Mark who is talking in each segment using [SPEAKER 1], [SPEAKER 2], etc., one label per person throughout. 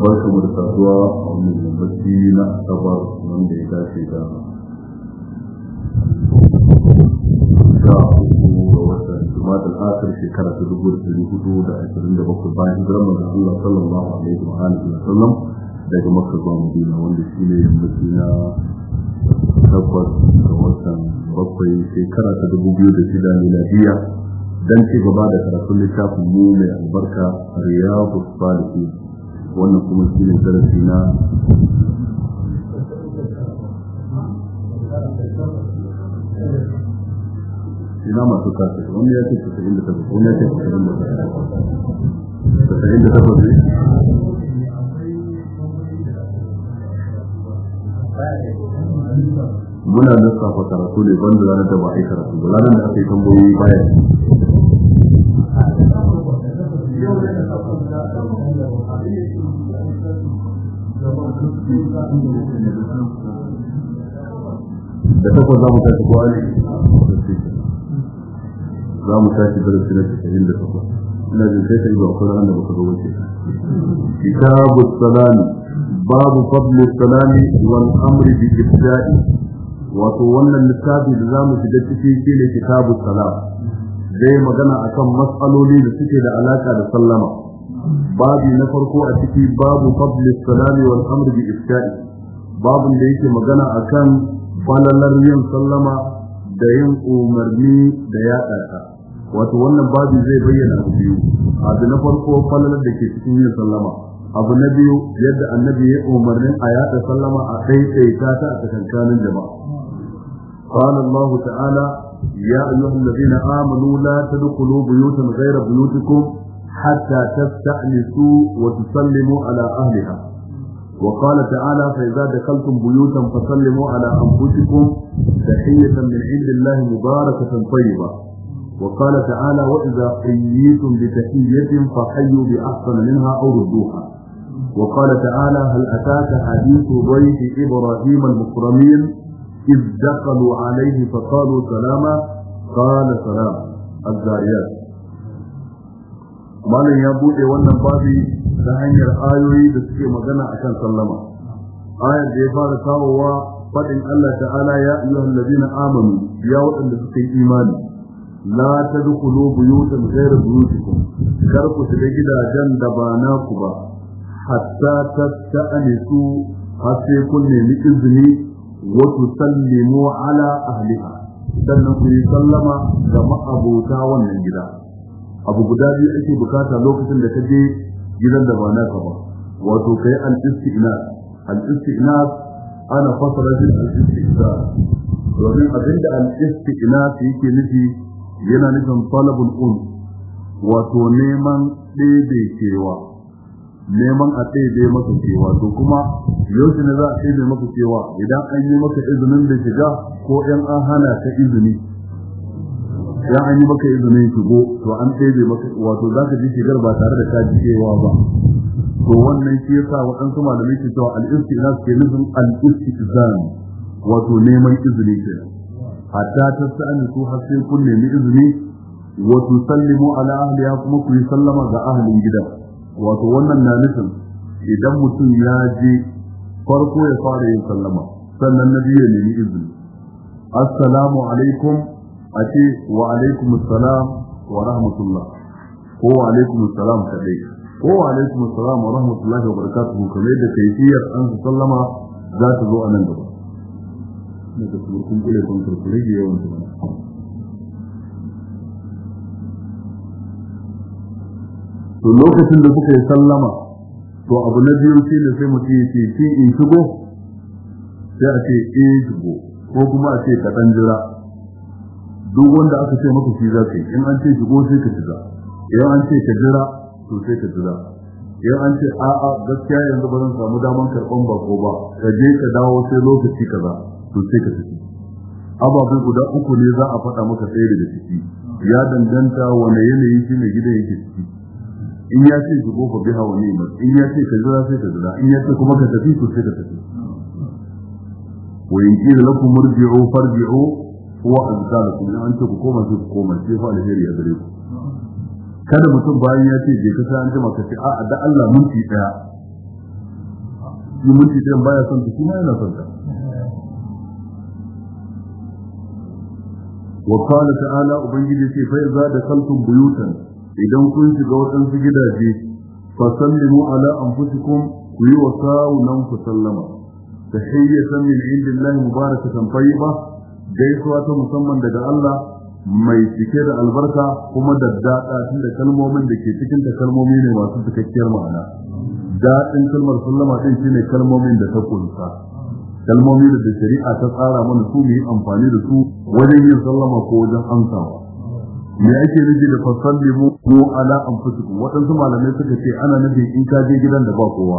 [SPEAKER 1] barka mu da saduwa a wannan yammaci na asabar wanda ya dace da sha uku ga watan jumada al'akar shekara ta dubu da dari hudu da ashirin da bakwai bayan hijirar manzon Allah sallallahu alaihi wa alihi wa sallam daga Makka zuwa Madina wanda shi ne yammaci na takwas ga watan bakwai shekara ta dubu biyu da shida miladiya dan ci gaba da karatun littafin mu mai albarka riyadu salihin wannan kuma shi ne darasi na ina masu kafin wani ya ce ta 98 wani ya ce 98 98 ne Thank you. muna lissafa karatu ne ban da ranar da ba a yi karatu ba ranar da aka yi tambayoyi baya da
[SPEAKER 2] takwas za mu tafi ko ali
[SPEAKER 1] za mu tashi darasi na casa'in da takwas ina jin sai kai ba akwai ranar da baka zo kitabu salami babu fadlu salami wal amri bi ibda'i wato wannan littafi da zamu shiga ciki shine kitabu salam zai magana akan mas'aloli da suke da alaka da sallama babu na farko a ciki babu fadlis salami wal amr bi ifsha'i babun da yake magana akan falalar yin sallama da yin umarni da ya ɗaka, wato wannan babu zai bayyana abu biyu abu na farko falalar da ke cikin yin sallama abu na biyu yadda annabi ya umarni a yaɗa sallama a ɗaiɗaita ta a tsakankanin jama'a قال الله تعالى يا أيها الذين آمنوا لا تدخلوا بيوتا غير بيوتكم حتى تستأنسوا وتسلموا على أهلها وقال تعالى فإذا دخلتم بيوتا فسلموا على أنفسكم تحية من عند الله مباركة طيبة وقال تعالى وإذا حييتم بتحية فحيوا بأحسن منها أو ردوها وقال تعالى هل أتاك حديث ضيف إبراهيم المكرمين إذ دخلوا عليه فقالوا سلاما قال سلام الزاريات malam ya buɗe wannan babi ta hanyar ayoyi da suke magana akan sallama ayar da ya fara kawowa faɗin Allah ta'ala ya ayyuhal ladina amanu ya waɗanda suka yi imani la tadkhulu buyutan ghayra buyutikum kar ku shiga gidajen da ba naku ba hatta tatta'anisu har sai kun nemi izini wa tusallimu ala ahliha sannan ku yi sallama ga ma'abota wannan gida abu guda biyu ake bukata lokacin da ka je gidan da ba naka ba wato kai al-istighna al-istighna ana fasara shi al-istighna domin abinda al-istighna yake nufi yana nufin talabul un wato neman ɗebe cewa neman a tsaye bai maka cewa to kuma yaushe ne za a tsaye bai cewa idan an yi maka izinin da shiga ko 'yan an hana ta izini idan an yi maka izinin shigo to an tsaye bai maka wato za ka ji shigar ba tare da ka ji cewa ba to wannan shi yasa waɗansu malamai ke cewa al na ke nufin al-istizan wato neman izini ke hatta ta sa'ani su har sai kun nemi izini wa tusallimu ala ahliha kuma ku yi sallama ga ahlin gidan wato wannan na nufin idan mutum ya je farko ya fara yin sallama sannan na biyu ya nemi izini assalamu alaikum a ce wa alaikum assalam wa rahmatullah ko wa alaikum assalam kadai ko wa alaikum assalam wa rahmatullahi wa barakatuhu kamar da kaifiyar an sallama za ta zo a nan gaba. Na ga kuma kun kule kun kurkure yawan jama'a. to lokacin da suka yi sallama to abu na biyu shi ne sai mutum ya ce ki in shigo sai a ce eh shigo ko kuma a ce kaɗan jira duk wanda aka ce maka shi za ka yi in an ce shigo sai ka shiga in an ce ka jira to sai ka jira in an ce a'a gaskiya yanzu ba zan samu daman karɓan bako ba ka je ka dawo sai lokaci kaza to sai ka shiga. ababai guda uku ne za a faɗa maka tsaye daga ciki ya danganta wane yanayi shi mai gida yake ciki in ya ce shigo ku biha wa ni'mat in ya ce ka jira sai ka jira in ya ce kuma ka tafi ku sai ka tafi wa in qila lakum murji'u farji'u huwa azka lakum in an ce ku koma sai ku koma sai fa alheri a gare ku kada mutum bayan ya ce je ka sai an ka ce a'a da Allah munti daya shi munti daya baya son ku kuma yana son ka Ubangiji ce أبنجي لكي da دخلتم بيوتا idan kun shiga waɗansu gidaje fa sallimu ala anfusikum ku yi wa sawunan ku sallama tahiyyatan min indillahi mubarakatan tayyiba gaisuwa ta musamman daga Allah mai cike da albarka kuma da daɗa da kalmomin da ke cikin ta kalmomi ne masu cikakkiyar ma'ana daɗin kalmar sallama ɗin shine kalmomin da ta kunsa kalmomi da shari'a ta tsara mana su mu yi amfani da su wajen yin sallama ko wajen amsawa me ake nufi da fasallimu ko ala anfusikum waɗansu malamai suka ce ana nufin in ka je gidan da ba kowa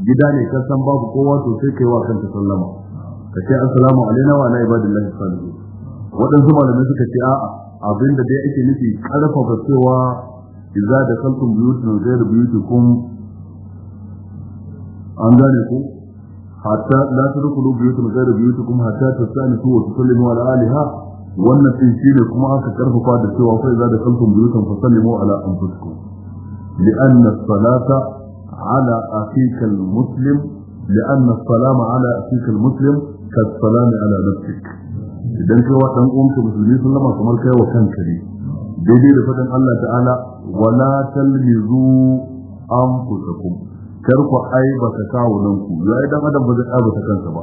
[SPEAKER 1] gida ne ka san babu kowa to sai kai wa kanta sallama ka ce assalamu alaina wa ala ibadillahi salihin waɗansu malamai suka ce a'a abinda dai ake nufi karfafa cewa idza da kaltum buyutun ghayr buyutikum an gane ku hatta la tadkhulu buyutun ghayr buyutikum hatta tasalihu wa tusallimu ala aliha wannan shi ne kuma aka karfafa da cewa fa idza da kuntum buyutan fasallimu ala anfusikum لأن الصلاة على أخيك المسلم لأن السلام على أخيك المسلم كالسلام على نفسك idan kai wa dan uwanka musulmi sun lama kamar kai wa kanka ne daidai da fadin Allah ta'ala wala talmizu anfusakum kar ku aibata kawunan ku ya idan adam ba zai aibata kansa ba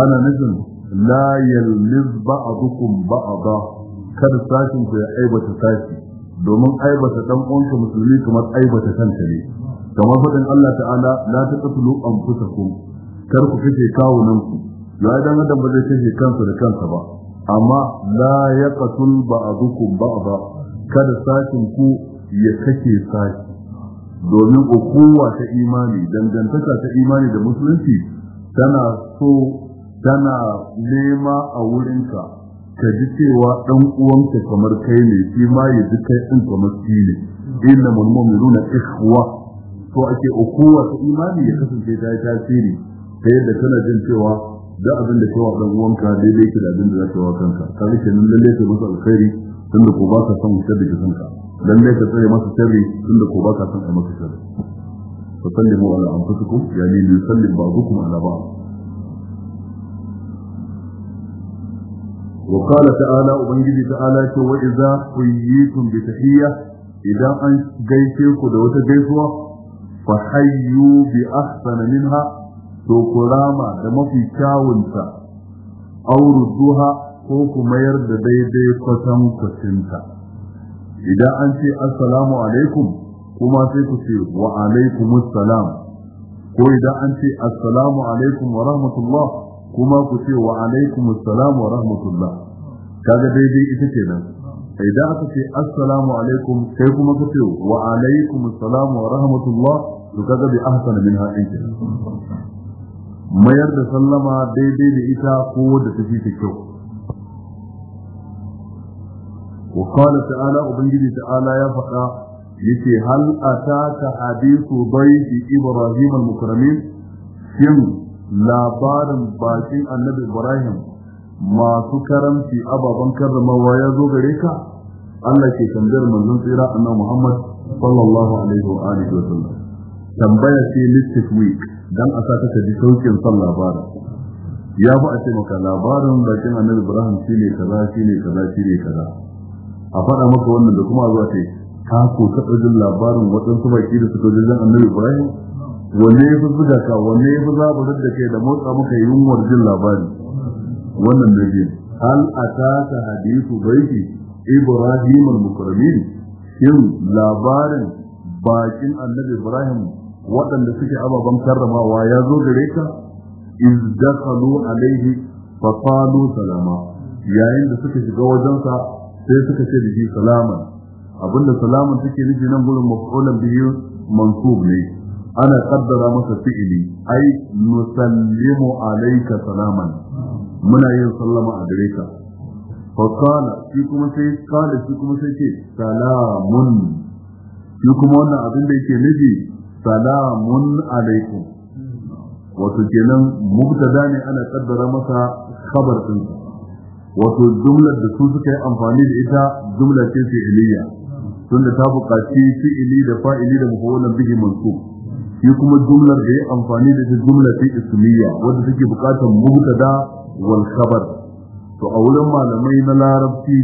[SPEAKER 1] ana nufin la yalmiz ba'dukum ba'da kar sashin ku ya aibata sashi domin aibata dan uwanka musulmi kamar aibata kanta ne kamar fadin Allah ta'ala la taqtulu anfusakum kar ku kace kawunan ku ya dan adam ba zai kace kansa da kansa ba amma la yaqtul ba'dukum ba'da kada sashin ku ya kace sashi domin ukuwa ta imani dangantaka ta imani da musulunci tana so tana nema a wurinka ka ji cewa dan uwanka kamar kai ne shi ma ya ji kai din kamar shi ne inna mu'minuna ikhwa to ake ukuwa ta imani ya kasance ta tasiri ta yadda kana jin cewa da abin da kawa dan uwanka daidai yake da abin da zaka wa kanka kaga kenan lalle ka masa alkhairi tunda ko ka son ka da kanka lalle ka tsare masa sharri tunda ko ka son a masa sharri فسلموا على أنفسكم يعني يسلم بعضكم على بعض وقال تعالى أبنجي تعالى وإذا حييتم بتحية إذا أن جيتك دوت جيتوا فحيوا بأحسن منها تقراما لما في شاونتا أو ردوها ko mayar da daidai kwatan kwacinta idan an ce assalamu alaikum kuma sai ku ce wa alaikumus salam ko idan an ce assalamu alaikum wa kuma ku ce wa alaikum assalam wa rahmatullah kaga daidai ita ce nan idan aka ce assalamu alaikum sai kuma ku ce wa alaikum assalam wa rahmatullah to kaga bi ahsana min hadin ke mayar da sallama daidai da ita ko da tafi ta kyau wa qala ta'ala ubangiji ta'ala ya faɗa yace hal ataka hadithu dayfi ibrahim al-mukramin shin labarin bakin annabi ibrahim masu karamci ababen karramawa ya zo gare ka Allah ke tambayar manzon tsira annabi Muhammad sallallahu alaihi wa alihi wa sallam tambaya ce littafwik dan a saka ta ji saukin son labarin ya fi a ce maka labarin bakin annabi ibrahim shine kaza shine kaza shine kaza a faɗa maka wannan da kuma zuwa ce ka ko taɓa jin labarin waɗansu baki da suka jin annabi ibrahim wanne ya fi zuga ka wanne ya fi zaburar da kai da motsa maka yunwar jin labari wannan da biyu hal a taka hadisu baiki ibrahim al-mukarramin labarin bakin annabi ibrahim waɗanda suke ababen karramawa ya zo gare ka iz dakhalu alaihi fa qalu salama yayin da suka shiga wajensa sai suka ce da shi salama abinda salaman suke nufi nan gurin maf'ulan biyu mansub ne ana kaddara masa fi'ili ai nusallimu alayka salaman muna yin sallama a gare ka fa kana shi kuma sai kana shi kuma sai ce salamun shi kuma wannan abin da yake nufi salamun alaikum wato kenan mubtada ne ana kaddara masa khabar din wato jumlar da su suka yi amfani da ita jumla ce fi'iliya tunda ta buƙaci fi'ili da fa'ili da mafa'ulan bihi mansub shi kuma jumlar da ya amfani da jumla ta ismiya wadda take bukatar mubtada wal khabar to a wurin malamai na larabci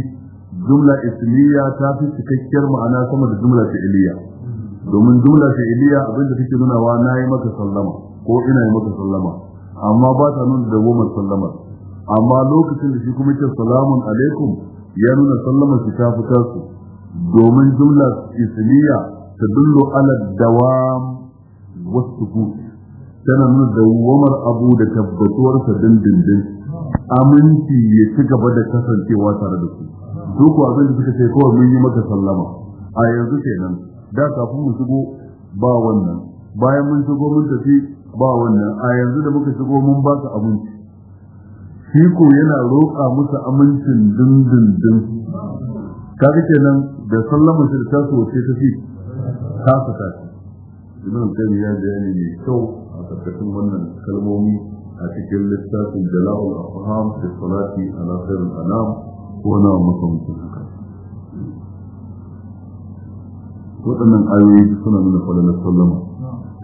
[SPEAKER 1] jumla ismiya ta fi cikakkiyar ma'ana sama da jumla fi'iliya, domin jumla fi'liya abin da take nunawa nayi maka sallama ko ina yi maka sallama amma ba ta nuna da woman sallamar amma lokacin da shi kuma ce salamun alaikum ya nuna sallamar shi ta fitar su domin jumla ta tadullu ala dawam والسكون tana nuna da wamar abu da tabbatuwarsa dindindin aminci ya ci gaba da kasancewa tare da su duk abin da suka ce kawai mun yi maka sallama a yanzu kenan da kafin mu shigo ba wannan bayan mun shigo mun tafi ba wannan a yanzu da muka shigo mun ba su abinci shi ko yana roƙa musu amincin dindindin kaga kenan da sallama shi da tasowa ce ta fi ta ibn tayyib ya bayani mai kyau a karkashin wannan kalmomi a cikin littafin jala'ul afham da salati ala khairul anam ko na musamman haka waɗannan ayoyi suna nuna falalar sallama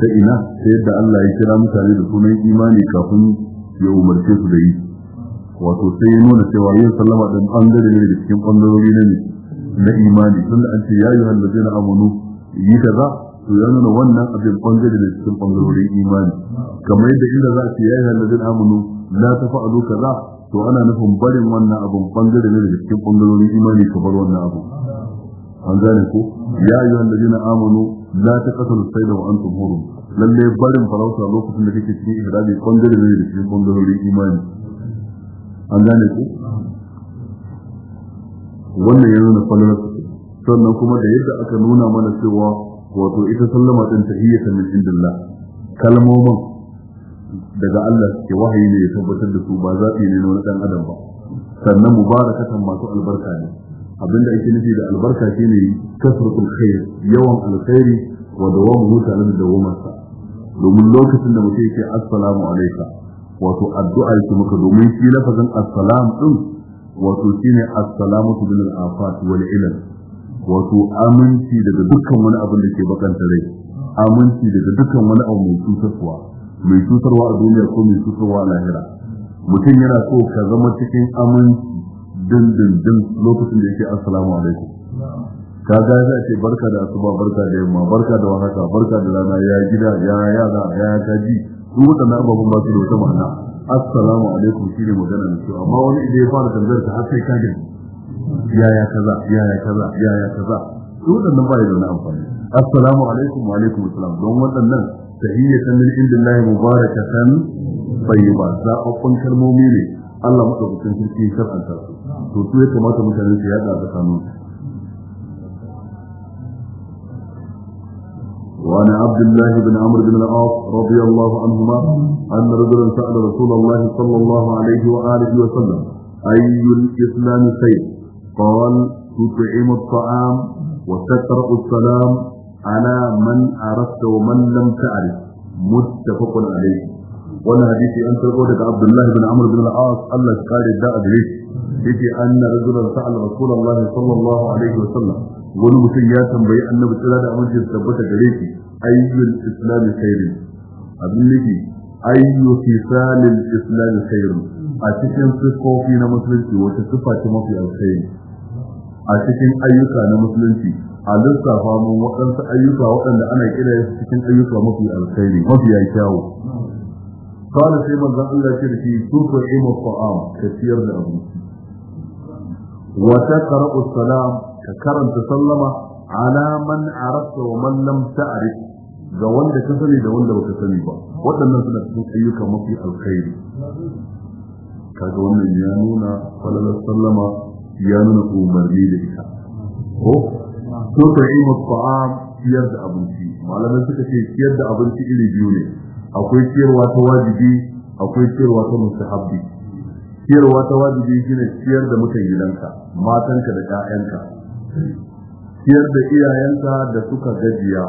[SPEAKER 1] ta ina ta yadda Allah ya kira mutane da sunan imani kafin ya umarce su da yi wato sai ya nuna cewa yin sallama ɗin an gare ne da cikin ɓangarori na ne na imani tunda an ce ya yi hallaje na amanu yi kaza to ya nuna wannan abin bangare da cikin bangarorin imani kamar yadda inda za a ce ya yi halazin amunu la ta fa'alu kaza to ana nufin barin wannan abin bangare ne daga cikin bangarorin imani ka bar wannan abu an gane ko ya yi halazin amunu la ta kasalu sai da wa'an tumurun lalle barin farauta lokacin da kake cikin ihrami bangare ne daga cikin bangarorin imani an gane ko wannan ya nuna falalar sannan kuma da yadda aka nuna mana cewa wato ita sallama din tahiyyatan min indillah kalmomin daga Allah ke wahayi ne ya tabbatar da su ba zaɓi ne na wani ɗan adam ba sannan mubarakatan masu albarka ne abinda ake nufi da albarka shine kasratul khair yawan alkhairi wa dawamu tare da dawamarsa domin lokacin da mutum yake assalamu alayka wato addu'a yake maka domin shi lafazin assalam din wato shine assalamatu bil afat wal ilal wato aminci daga dukkan wani abin da ke bakanta rai aminci daga dukkan wani abu mai cutarwa mai cutarwa a duniya ko mai cutarwa a lahira mutum yana so ka zama cikin aminci dindindin lokacin da yake assalamu alaikum ka ga za ce barka da asuba barka da yamma barka da wahaka barka da rana ya gida ya yara ya kaji duk waɗannan ababen ba su da wata ma'ana assalamu alaikum shine magana da su amma wani idan ya fara tambayar ta har sai ka gani yaya kaza yaya kaza yaya kaza to wadannan ba ya da amfani assalamu alaikum wa alaikum assalam don wadannan tahiyyatan min indillahi mubarakatan tayyiba zaɓaɓɓun kalmomi ne Allah madaukakin sarki ya shar'anta su to su ya kamata mutane su yada tsakanin وعن عبد الله بن عمرو بن العاص رضي الله عنهما أن رجلا سأل رسول الله صلى الله عليه وآله وسلم أي الإسلام خير قال تطعم الطعام وتقرأ السلام على من عرفت ومن لم تعرف متفق عليه wannan hadisi an karbo daga Abdullah ibn Amr ibn al-As Allah ya kare da adare yake anna rajulan sa'al Rasulullah sallallahu alaihi wa sallam wani mutum ya tambayi annabi tsira da amince, da tabbata gare shi ayyul islam khairu abin nufi ayyu fisalil islam khairu a cikin sifofi na musulunci wata sifa ce mafi alkhairi a cikin ayyuka na musulunci a lissafa mun waɗansu ayyuka waɗanda ana kira su cikin ayyuka mafi alkhairi mafi ya kyawu kana sai manzon Allah ce da shi tufu imu ta'am ka ciyar da abinci wa taqra'u salam ka karanta sallama ala man arafta wa man lam ta'rif ga wanda ka sani da wanda baka sani ba waɗannan suna cikin ayyuka mafi alkhairi kaga wannan ya nuna falalar sallama ya nuna umarni da ita ko to ta yi mutfa'am ciyar da abinci malamai suka ce ciyar da abinci iri biyu ne akwai ciyarwa ta wajibi akwai ciyarwa ta mustahabbi ciyarwa ta wajibi shine ciyar da mutan gidanka matanka da ƴaƴanka ciyar da iyayenka da suka gajiya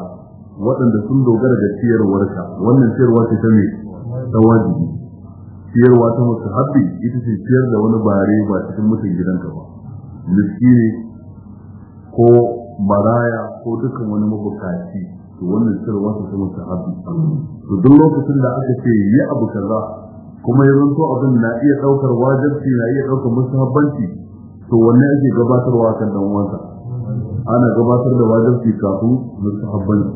[SPEAKER 1] waɗanda sun dogara da ciyarwarka wannan ciyarwa ce ta me ta wajibi ciyarwa ta mustahabbi ita ce ciyar da wani bare ba cikin mutan gidanka ba miskini ko baraya ko dukkan wani mabukaci to wannan sirwa su kuma sahabi to duk lokacin da aka ce yi abu kaza kuma ya zanto abin na iya daukar wajibci na iya daukar musahabbanci to wannan yake gabatarwa kan dan uwansa ana gabatar da wajibci kafin musahabbanci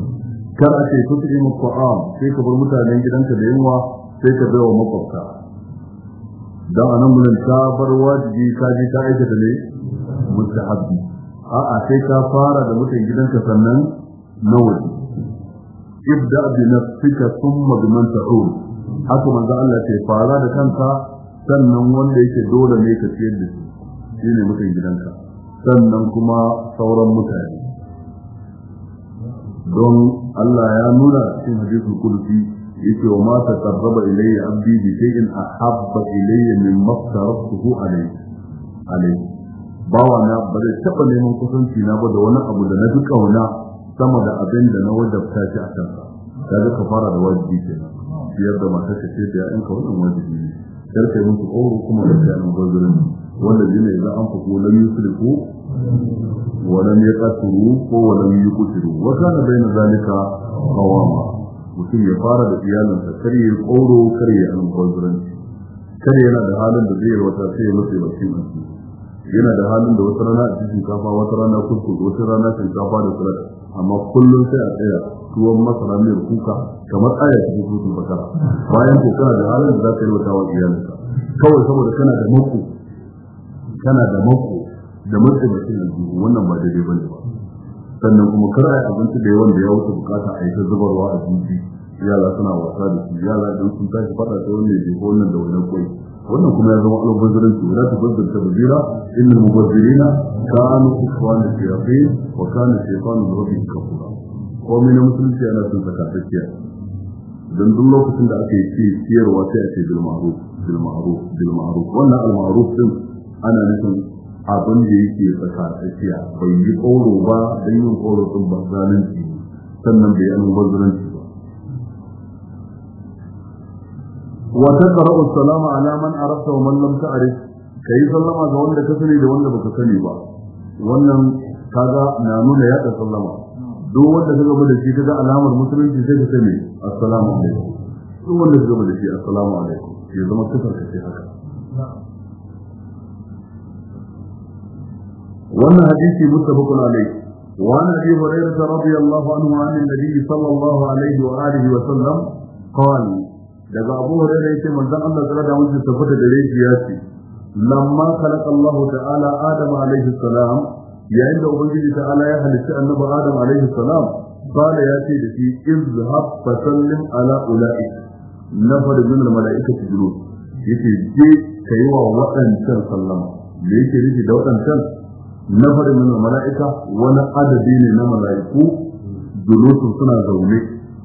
[SPEAKER 1] kar a ce kuka yi mutu'am sai ka bar mutanen gidanka da yunwa sai ka bai wa makwabta dan anan mun ta bar wajibi ka je ta aikata ne mustahabbi a'a sai ka fara da mutan gidanka sannan na waje ibda bi nafsika thumma bi man ta'ul haka manzo Allah ce fara da kanka sannan wanda yake dole ne ka ciyar da shi shine mutan gidanka sannan kuma sauran mutane don Allah ya nuna cikin hadisul qudsi yake wa mata taqarraba ilayya abdi bi shay'in ahabba ilayya mimma tarabtuhu alayhi alayhi bawa na ba zai taɓa neman kusanci na ba da wani abu da na fi ƙauna sama da abin da na wajabta shi a kansa Ta ka fara da wajibi kenan biyar da matar ta ce da ya'yanka wannan wajibi ne karka yi musu ƙoro kuma da kayan gwazurin wanda jina idan an faɗo lam yusrifu wa lam yaqturu ko wa lam yuqtiru wa kana baina zalika kawama. mutum ya fara da iyalinsa karye ya ƙoro kar ya an gwazurin yana da halin da zai wata sai ya mutu ba cikin yana da halin da wata rana a cikin kafa wata rana kuskus wata rana shinkafa da salat amma kullum sai a tsaya tuwon masara miyar kuka kamar aya cikin surutun bakara bayan ko kana da halin da za ka yi wa tawa iyalinka kawai saboda kana da mako kana da mako da da cikin wannan ba daidai ba ne ba sannan kuma kar a yi abinci da yawan da ya wuce bukata a yi ta zubarwa a jiji yara suna wasa da su yara don sun tashi faɗa ta ne da wannan da wannan kwai wannan kuma ya zama albazuranci la tubazzir tabzira innal mubazzirina kanu ikhwana shayatin wa kana shaytanu rabbika kafura ko na musulunci ana son sakatacciya dan duk lokacin da aka yi ci siyarwa sai a ce bil ma'ruf bil ma'ruf bil ma'ruf wannan al ma'ruf din ana nufin abin da yake tsakatsakiya bai yi koro ba don yin koro din ba zalunci sannan bai yi albazuranci wa taqra'u salama ala man arafta wa man lam ta'rif kai sallama ga wanda ka sani da wanda baka sani ba wannan kaga na nuna ya sallama duk wanda ka gaba shi kaga alamar musulunci sai ka sani assalamu alaikum duk wanda ka gaba da shi assalamu alaikum haka wannan وعن ابي هريره رضي الله عنه عن النبي صلى الله عليه واله وسلم قال daga Abu Hurairah yace manzon Allah sallallahu alaihi wasallam tabbata da rashi ya ce lamma khalaqa Allah ta'ala Adam alaihi salam yayin da ubangiji ta'ala ya halitta annabi Adam alaihi salam bala ya ce da shi izhab fa sallim ala ulai nafar min al malaikati julud yace je kai wa wadancan sallama da yake nufi da wadancan nafar min al malaika wani adadi ne na malaiku julusun suna zaune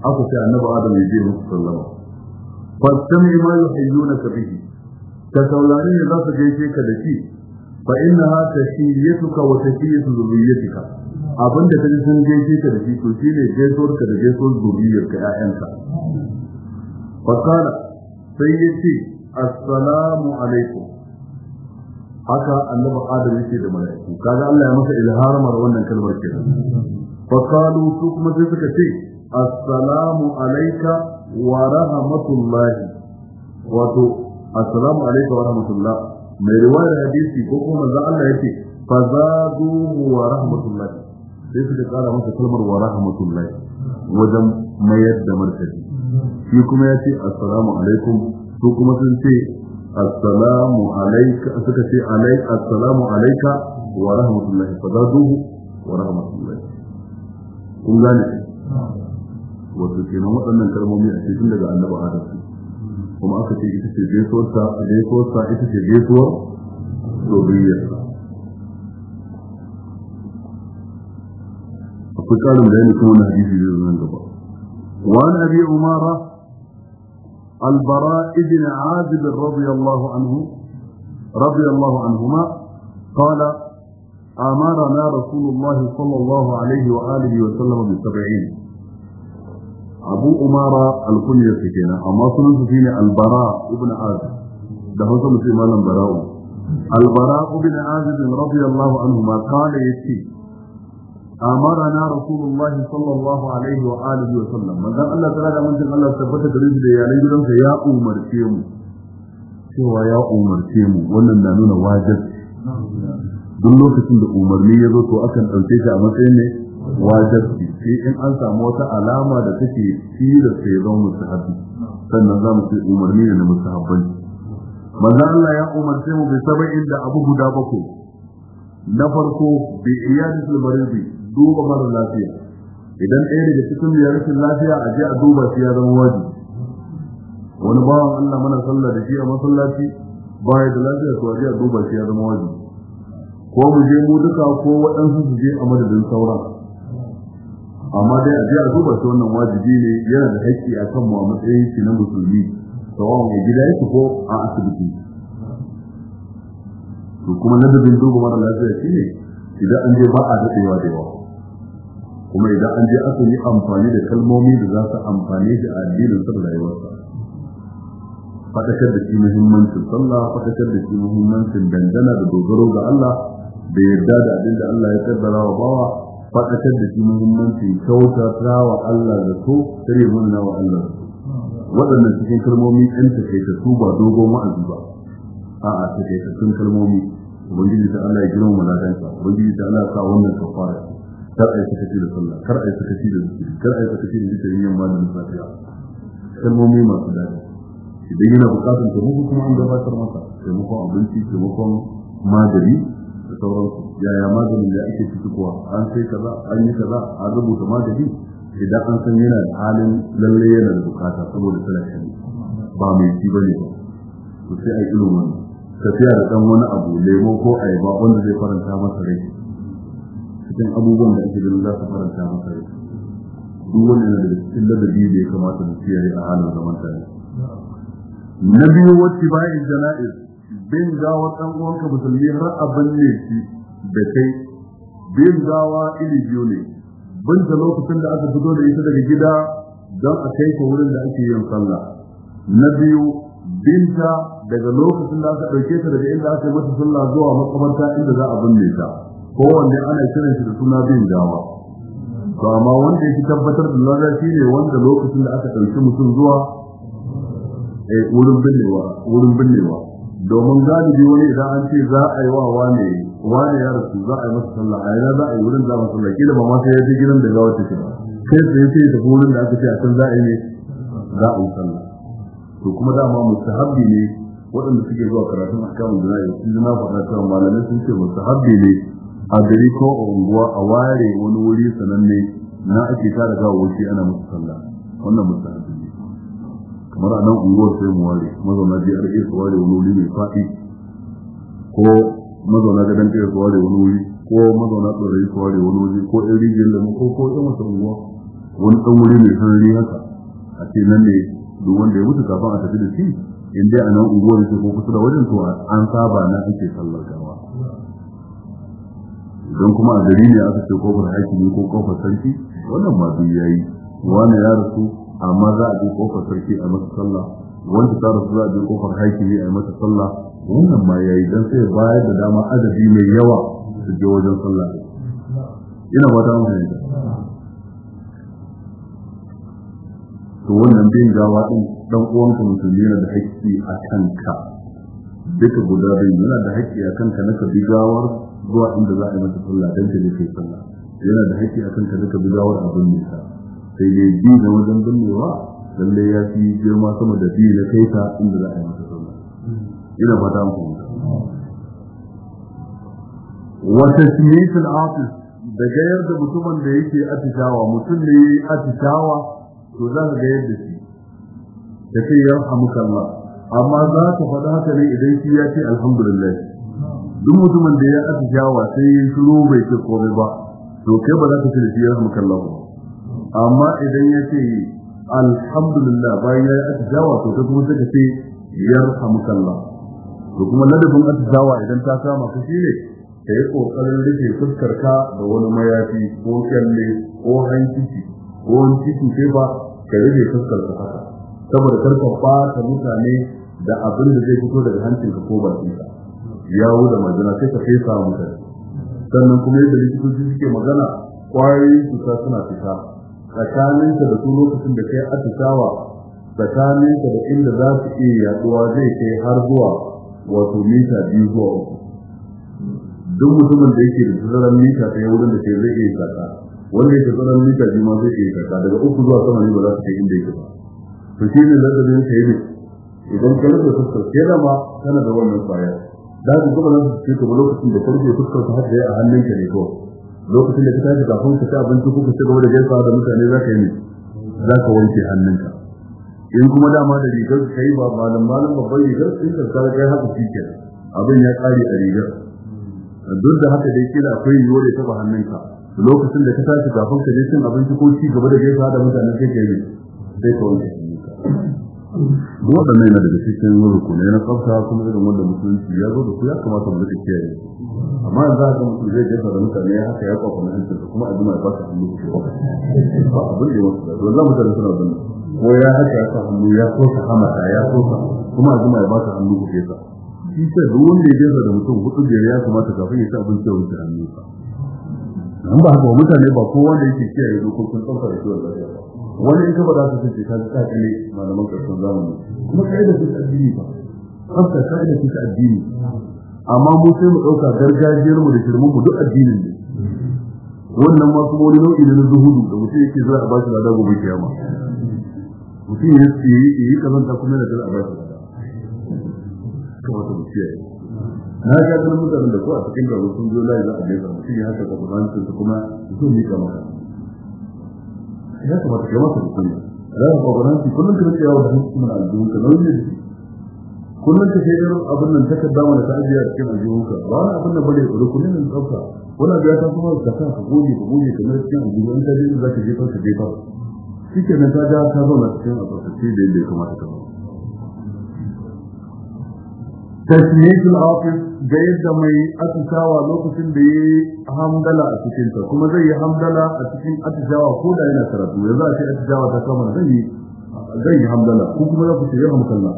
[SPEAKER 1] aka ce annabi Adam ya je musu sallama fastami ma yuhayyunaka bihi ka saurari ne za su gaishe ka da shi fa innaha tashiyatuka wa tashiyatu dhurriyyatika abinda kaji sun gaishe ka da shi to shine gaisuwar ka da gaisuwar zuriyar ka ƴaƴanka fa kana sai yace assalamu alaikum haka annabi adam yake da mala'iku kaga Allah ya masa ilharmar wannan kalmar kenan fa kuma sai suka ce assalamu alayka wa rahmatullah wato assalamu alaikum wa rahmatullah mai riwayar hadisi ko kuma manzo Allah yake fa zadu wa rahmatullah sai suka kara masa kalmar wa rahmatullah wajen mayar da martani shi kuma ya ce assalamu alaikum su kuma sun ce assalamu alaika suka ce alaika assalamu alaika wa rahmatullah fa zadu wa rahmatullah kun gane wato kenan waɗannan kalmomi a cikin daga annabi adam kuma aka ce ita ce gaisuwarsa gaisuwarsa ita ce gaisuwar zuriyarsa akwai ƙarin bayani kuma na hadisi zai zo nan gaba وعن أبي عمارة البراء بن عازب رضي الله عنه رضي الله عنهما قال أمرنا رسول الله صلى الله عليه وآله وسلم بالسبعين abu umara alkunyar su kenan amma sunan su shine albara ibn azib da hausa mu ce bara'u albara ibn azib radiyallahu anhu ma kana yace amarana rasulullahi sallallahu alaihi wa wa sallam manzon Allah ta da mun Allah tabbata da rinji da yalan gidansa ya umarce mu cewa ya umarce mu wannan na nuna wajibi duk lokacin da umarni ya zo to akan dauke shi a matsayin ne sai in an samu wata alama da take sai zan musu mustahabi sannan za mu ce umarni ne na mustahabbanci manzo Allah ya umarce mu bi saba da abu guda bako na farko bi iyadatul maridi duba mara lafiya idan ɗaya daga cikin ya rashin lafiya a je a duba shi ya zama wajibi wani bawan Allah mana sallah da shi a masallaci ya da lafiya to a je a duba shi ya zama wajibi ko mu je mu duka ko waɗansu su je a madadin sauran amma dai a je a duba shi wannan wajibi ne yana da haƙƙi a kan mu a matsayin shi na musulmi tsawon mai gida yake ko a asibiti to kuma ladabin duba mara lafiya shi ne idan an je ba a daɗewa da yawa kuma idan an je aka yi amfani da kalmomi da za su amfani da addinin sa rayuwarsa fatakar da shi muhimmancin sallah fatakar da shi muhimmancin dangana da dogaro ga Allah da yarda da abin da Allah ya kaddara wa bawa faɗakar da shi muhimmanci kyautata wa Allah da su, so tare mana wa Allah da su. waɗannan cikin kalmomi ɗan su ba dogon wa'azi ba a'a sun kalmomi ubangiji ta Allah ya girma malakansa ubangiji ta Allah ya sa wannan kafara kar a yi sakaci da sallah kar a yi sakaci da zikiri kar a yi sakaci da zikirin yamma da safiya kalmomi masu daɗi idan yana buƙatar taimako kuma an gabatar masa taimakon abinci taimakon magani da sauransu yaya maganin da ake ciki kuwa an sai kaza an yi kaza an rubuta magani idan an san yana da halin lalle yana da bukata saboda talaka ba mai ci ba ne ba to sai a yi tafiya da dan wani abu lemo ko ayaba wanda zai faranta masa rai cikin abubuwan da ake ganin za su faranta masa rai duk wani yana da cikin ladabi da ya kamata mu kiyaye a halin zaman tare na biyu wacce bayan jana'iz bin gawa ɗan uwanka musulmi har abin ne shi da kai bin gawa iri biyu ne bin da lokacin da aka fito da ita daga gida don a kai ka wurin da ake yin sallah na biyu binta daga lokacin da aka ɗauke ta daga inda aka yi mata sallah zuwa makamarta inda za a binne ta kowanne ana kiran shi da suna bin gawa to amma wanda yake tabbatar da lada shi ne wanda lokacin da aka ɗauki mutum zuwa eh, wurin binnewa domin galibi wani idan an ce za a yi wa wane wane ya rasu za a yi masa sallah a yana za a yi wurin za a masa sallah kila ba ma sai ya je gidan da gawar ce ba
[SPEAKER 2] kai sai sai ta wurin
[SPEAKER 1] da aka ce a kan za a yi za a yi sallah to kuma dama mustahabbi ne waɗanda suke zuwa karatun ahkamun da sun ji na faɗa cewa malamai sun ce mustahabbi ne a gari ko a unguwa a ware wani wuri sananne na ake tara gawo ana musu sallah wannan mustahabbi mara nan unguwar sai mu ware mazauna GRA su ware wani wuri mai faɗi ko mazauna gadon ɗaya su ware wani wuri ko mazauna tsorai su ware wani wuri ko ɗan rijiyar da ko ko ɗan wata unguwa wani ɗan wuri mai sanari haka a ce nan ne duk wanda ya mutu kafin a tafi da shi in dai a nan unguwar ce ko kusa da wajen to an saba na ake sallar gawa idan kuma a gari ne aka ce kofar hakimi ko kofar sarki wannan ma duk yayi wani ya rasu amma za a je kofar sarki a masa sallah wanda ta rasu za a je kofar haikimi a masa sallah wannan ma yayi dan sai bayar da dama adadi mai yawa su je wajen sallah ina ba ta mun to wannan bin gawa din dan uwanka musulmi yana da haƙƙi a kanka duka guda biyu yana da haƙƙi a kanka na ka bi gawar zuwa inda za a yi masa sallah dan ka je kai sallah yana da haƙƙi a kanka na ka bi gawar abin nisa sai dai bi na wajen binnewa lalle ya fi girma sama da bi na kai ta inda za a yi masa sallah ina fata an fahimta wa tasmiyat al-atis da gayar da mutumin da yake atishawa mutum ne atishawa to za ka gayar da shi da kai yarhamuka Allah amma za ka faɗa haka ne idan shi ya ce alhamdulillah duk mutumin da ya atishawa sai ya shiru bai ce komai ba to kai ba za ka ce da shi yarhamuka Allah ba amma idan ya ce alhamdulillah bayan ya yi atijawa to ta kuma suka ce yarhamukallah to kuma ladabin atijawa idan ta kama ku shi ne ka yi ƙoƙarin rufe fuskar ka da wani mayafi ko kyalle ko hankiki ko wani ciki ba ka rufe fuskar ka haka saboda karka ɓata mutane da abin da zai fito daga hancinka ko bakinka yawo da majina sai ka fesa mutane sannan kuma yadda likitoci suke magana kwayoyin cuta suna fita tsakaninka da su lokacin da kai atisawa tsakaninka da inda za su iya yaduwa zai kai har zuwa wato mita biyu zuwa uku duk mutumin da yake da tazaran mita ta wurin da ke zai iya kaka wanda yake tazaran mita biyu ma zai iya kaka daga uku zuwa sama ne ba za su kai inda yake ba to shi ne ladabin ka yi idan ka rufe fuskar ke da ma kana da wannan kwaya da ku kuma nan su ce ka lokacin da karfe fuskar ta hada a hannunka ne kawai lokacin da ka tashi kafin ka ci abinci ko ka ci gaba da gaisawa da mutane za ka yi za ka wanke hannunka in kuma dama da rigar ka yi ba malam malam babban rigar sun ka tsara kai haka shi abin ya kare a rigar duk da haka dai kila akwai yiwuwar ya taba hannunka lokacin da ka tashi kafin ka je cin abinci ko ci gaba da gaisawa da mutane sai ka yi sai ka wanke hannunka duk waɗannan yana daga cikin ne na tsafta kuma irin wanda musulunci ya zo da su ya kamata mu rike kiyaye amma za a ga mutum zai jefa da mutane haka ya kwafa na hancin kuma a jima ba su hannu su kwafa ba abin da ya wasu da zuwa mutane suna da ko ya haka ya sa hannu ya so ta hamata ya so ta kuma a jima ba su hannu su jefa shi sai duk wanda ya jefa da mutum hudu biyar ya kamata kafin ya ci abinci ya wuce hannu ba. Nan ba haka wa mutane ba kowa da yake kiyaye dokokin tsafta da kiwon lafiya ba. wani in ka faɗa su sun ce ka tsaka kale malaman karshen zamani kuma ka'ida su addini ba tsafta ka'ida su addini amma mu sai mu ɗauka gargajiyar mu da shirmin mu duk addinin ne wannan ma kuma wani nau'i na zuhudu da mutum yake za a ba shi lada gobe kiyama mutum ya yi kazanta kuma yana da a ba shi lada ta mu kiyaye na ga ganin mutanen da ko a cikin gaba sun zo layi za a bai mutum ya haka kafa bayan kuma su ne kamar ya kamata ka masa kunya za ka kwakwaran su kullum ka rike yawon hannun kuma aljihun ka nauyin da jiki kullum ka sai abin nan ta kadda mana ta ajiya cikin aljihun ka ba wani abin nan bane rukunin nan tsafta wani abu ya san kuma ka sa ka goge ka goge kamar cikin aljihun in ka je za ka je ka jefa shi ke nan ta ja ta zauna cikin a tsaftace da yadda ya kamata ta ba tasmiyatul office da yadda mai atisawa lokacin da ya yi hamdala a cikinta kuma zai yi hamdala a cikin atishawa ko da yana karatu ya za a ce atishawa ta kama zai yi zai yi hamdala ko kuma za ku ce yawan kalla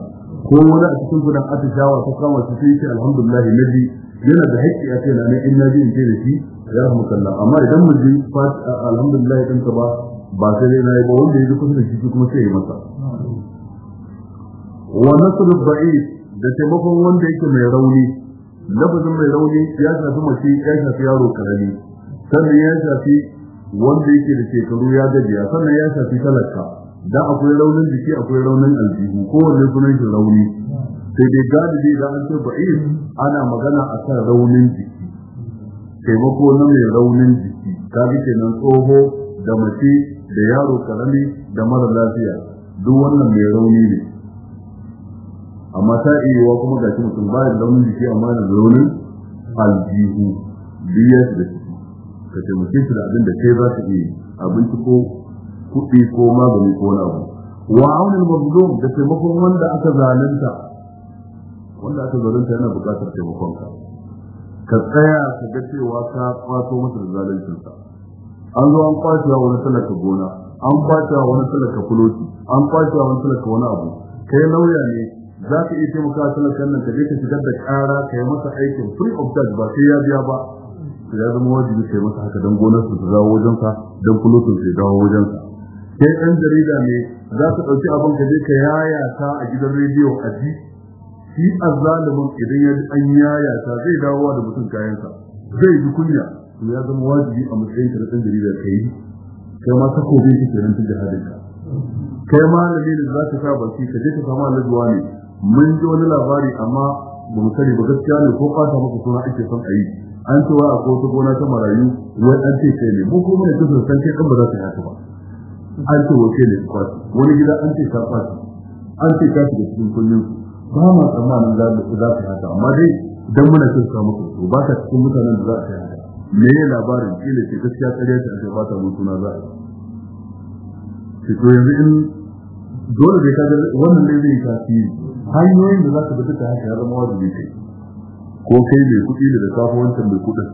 [SPEAKER 1] ko wani a cikin kudan atishawa ta kama su sai ce na nabi yana da haƙƙi a kai na in nabi in ce da shi
[SPEAKER 2] ya rahmu kalla amma idan
[SPEAKER 1] mu ji alhamdulillah din ka ba ba sai dai na yi ba wanda ya ji kusa shi kuma sai ya yi masa wa nasrul da taimakon wanda yake mai rauni lafazin mai rauni ya shafi mace ya shafi yaro karami sannan ya shafi wanda yake da shekaru ya gajiya sannan ya shafi talaka da akwai raunin jiki akwai raunin aljihu kowanne sunan shi rauni sai dai galibi da an ce ba'in ana magana a kan raunin jiki taimako na mai raunin jiki Ta kaga kenan tsoho da mace da yaro karami da mara lafiya duk wannan mai rauni ne amma ta iya wa kuma gashi mutum ba da launin jiki amma da launin aljihu biya da shiga ciki ka taimake su da abin da kai za ka iya abinci ko kuɗi ko magani ko wani abu wa aunin mazlum da taimakon wanda aka zalunta wanda aka zalunta yana buƙatar taimakonka ka tsaya ka ga cewa ka kwato masa da zaluncinsa an zo an kwace wa wani talaka gona an kwace wa wani talaka fuloti an kwace wa wani talaka wani abu kai lauya ne za ka iya taimakawa kan nan ka je ka shigar da kara ka yi masa aikin free of charge ba sai ya biya ba ya zama wajibi ka yi masa haka don gonar su dawo wajensa don kulotin su dawo wajensa sai ɗan jarida ne za ka ɗauki abin ka je ka yayata a gidan rediyo a ji shi azzalumin idan ya ji an yayata zai dawowa da mutum kayansa zai ji kunya to ya zama wajibi a matsayin ka na ɗan jarida ka yi kai ma sako takobin ka kenan tun jihadinka kai ma da za ka sa baki ka je ka samu alajuwa ne mun ji wani labari amma ba mu sani ba gaskiya ne ko fata muku suna ake son a yi an ce wa a wata gona ta marayu wai an ce ce ne mu ko mun ji san kai kan ba za su yi haka ba an ce wa kai ne kwaci wani gida an ce ta kwaci an ce ta shiga cikin kullum ba ma tsammanin za su yi haka amma dai dan muna son samu maka to ba ta cikin mutanen da za su yi haka me ne labarin shi ce gaskiya tsariya ta ake fata mun suna za a yi to yanzu in dole bai kaga wannan ne zai tasiri hanyoyin da za ka bi ta haka ya zama wajibi kai ko kai mai kuɗi da kafin wancan mai kuɗin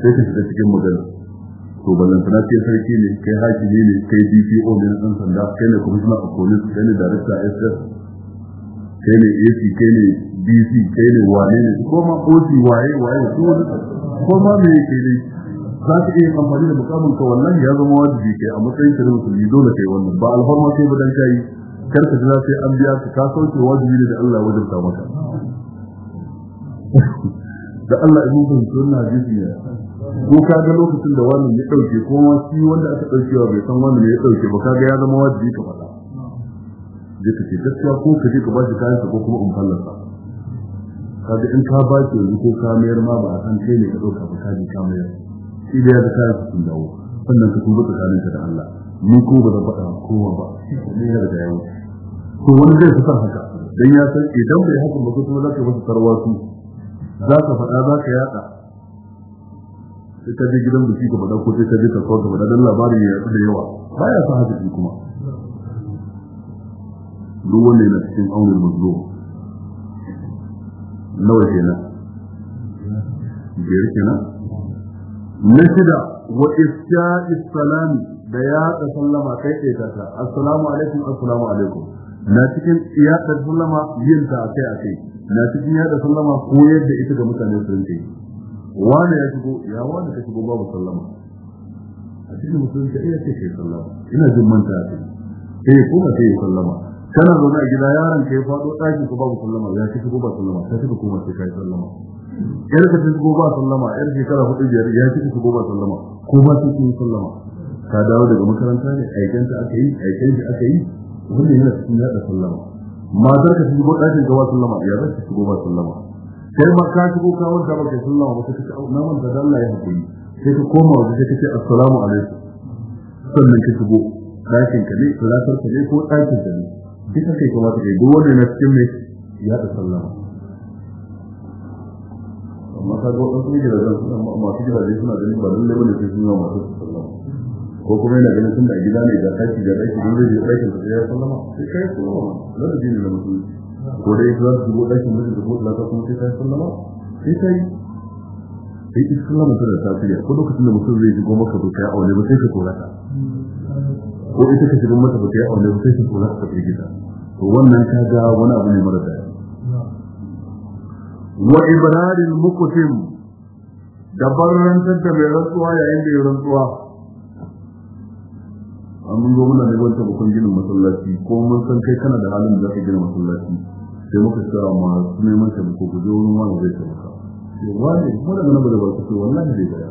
[SPEAKER 1] sai ka shiga cikin magana to ballantana ce sarki ne kai hakimi ne kai dpo ne na ɗan sanda kai ne commissioner of polis kai ne director ss kai ne ac kai ne B.C, kai ne wane ne ko ma oc waye waye su wani ko ma mai kai ne za ka iya amfani da mukamin ka wallahi ya zama wajibi kai a matsayin ka na musulmi dole kai wannan ba alfarma kai ba dan kai karka jira sai an biya ka ka sauke wajibi ne da Allah ya wajabta maka da Allah ibn bin sunna hadisi ne ko ka ga lokacin da wani ya dauke ko shi wanda aka dauke wa bai san wani ne ya dauke ba kaga ya zama wajibi ka faɗa je ka ce gaskiya ko ka je ka bashi kayan ko kuma in fallasa kaga in ka ba ki yanzu ko ka mayar ma ba a san kai ne ka dauka ba ka je ka mayar shi da ya ga kayan sun dawo sannan ka tuba ka da Allah ni ko ba zan faɗa kowa ba ne ya riga to wani zai fi san haka don ya san idan bai haka ba kuma za ka masa tarwasu za ka faɗa za ka yaɗa sai ka je gidan biki ka faɗa ko sai ka je kasuwa ka faɗa don labarin ya yaɗu da yawa Ba ya sa haka shi kuma duk wanda yana cikin aunin mazuwa nawa kenan biyar kenan na shida wa isya'i salami da ya ta sallama kai kai ta assalamu alaikum assalamu alaikum na cikin yaɗa sallama yin ta akai akai na cikin yaɗa sallama koyar da ita ga mutane su rinka wani ya shigo ya wani ka shigo babu sallama a cikin musulunci iya ce kai sallama ina jin manta a cikin yi kuma ta yi sallama kana zaune a gida yaron ka ya faɗo ɗaki ko babu sallama ya ci shigo ba sallama Ta shiga kuma sai ka yi sallama yar ka shigo ba sallama yar shekara hudu biyar ya ci shigo ba sallama ko ba su yi sallama ka dawo daga makaranta ne aikin aka yi aikin aka yi wanda yana cikin yada sallama matar ka shigo ɗakin gaba sallama ya za ka shigo ba sallama kai ma ka shigo ka wanda ba ka sallama ba ka ce na manta da Allah ya hakuri sai ka koma waje sai ka ce assalamu alaikum sannan ka shigo ɗakin ka ne salatar ka ne ko ɗakin ka ne duka kai kamata kai duk wanda yana cikin mai yada sallama amma ka ga wadansu gidajen suna masu gidaje suna ganin ba lallai bane sai sun yi masu sallama ko kuma yana ganin tun da gida ne da taki da raki don zai yi ɗakin da ya sallama sai kai sallama zan ji ne da mutum ko dai ita za su shigo ɗakin mutum da ko talata kuma sai ta sallama sai ta yi sai ita sallama tana ta fiye ko lokacin da mutum zai shigo maka ba kai aure ba sai ka kora ta ko ita ka shigo mata ba kai aure ba sai ka kora ta gida to wannan ka ga wani abu ne mara daɗi wa ibraril muqtim da barrantar da mai rantsuwa yayin da ya rantsuwa an mun zo muna neman taimakon ginin masallaci ko mun san kai kana da halin da za ka gina masallaci sai muka ma su neman ko ku zo wurin wani zai taimaka sai wani wani nan bada barka sai wallahi zai gaya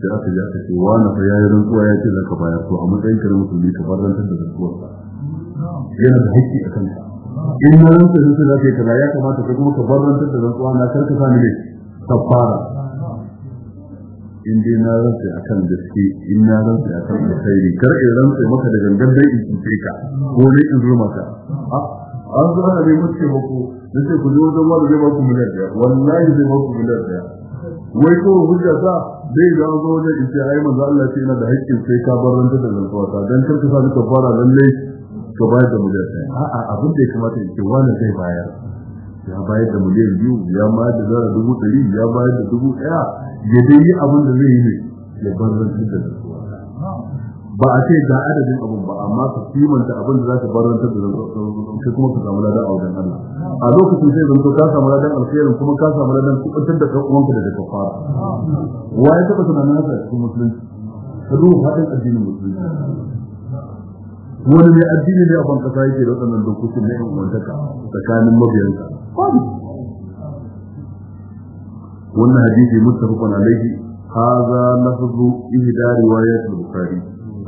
[SPEAKER 1] da aka ji ya ce wani fa yayi rantsuwa ya ce za ka bayar to a matsayin ka na musulmi ka barantar da rantsuwar yana da haƙƙi a kanta in na rantsa rantsa za yi kaza ya kamata ka kuma ka bar barantar da rantsuwa na karkasa ne ni
[SPEAKER 2] ne
[SPEAKER 1] in dai na a kan gaske in na a kan alkhairi kar in rantsa maka da gangan dai in cuce ka ko ne in ruma ka an zo ana mai mutu muku da ce ku zo wajen wani zai baku miliyar daya wallahi zai baku miliyar daya wai ko hujja ta zai da zo wajen in ce ai manzo Allah ce yana da haƙƙin sai ka bar ranta da rantsuwa ta dan karka sa ka fara lalle to bayar da miliyar daya a'a abin da ya kamata in ce wani zai bayar ya bayar da miliyan biyu ya bayar da zara dubu ɗari ya bayar da dubu ɗaya ya dai yi abin da zai yi ne ya bar rantar da zuwa. ba a ce ga adadin abin ba amma ka kimanta abin da za ka bar rantar da sai kuma ka samu ladan a wajen Allah a lokacin sai zanto ka samu ladan alkhairin kuma ka samu ladan kubutar da kan uwanka daga kafara wa ya taba tunanin haka cikin musulunci ka duba fadin addinin musulunci wani ne addini ne a ban yake da waɗannan dokokin na yan uwantaka tsakanin mabiyanka wannan hadisi muttafaqun alayhi hadha lafzu ihda riwayat al-bukhari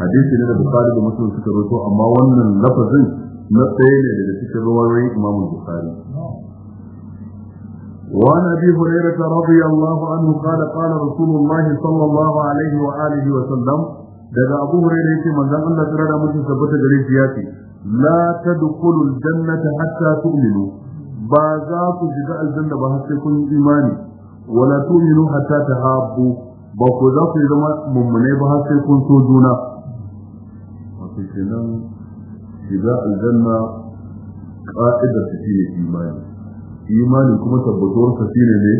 [SPEAKER 1] hadisi ne da bukhari da muslim suka rawaito amma wannan lafazin na tsaye ne daga cikin riwayoyin imam bukhari وعن ابي هريره رضي الله عنه قال قال رسول الله صلى الله عليه واله وسلم daga abu hurairah yake manzon Allah tsara da mutum tabbata gare shi ya ce la tadkhulul jannata hatta tu'minu ba za ku shiga aljanna ba har sai kun imani wala tu'minu hatta tahabbu ba ku za ku zama mummune ba har sai kun so juna wato kenan shiga aljanna ka'idar ta shine imani imani kuma tabbatuwar ta shine ne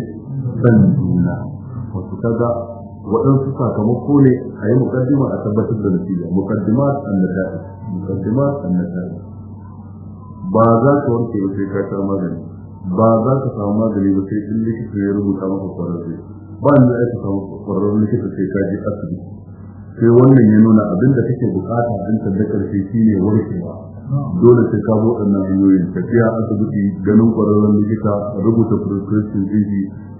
[SPEAKER 1] san juna wato kaga waɗansu sakamako ne a yi mukaddima a tabbatar da natija mukaddimat annata mukaddimat annata ba za ka warke ba sai ka sha magani ba za ka samu magani ba sai in likita ya rubuta maka kwararre ba ni da ka samu kwararren likita sai ka je asibiti sai wannan ya nuna abin da kake bukata din ta da karfi shine warkewa dole sai ka bude na hanyoyin tafiya asibiti ganin kwararren likita rubuta prescription din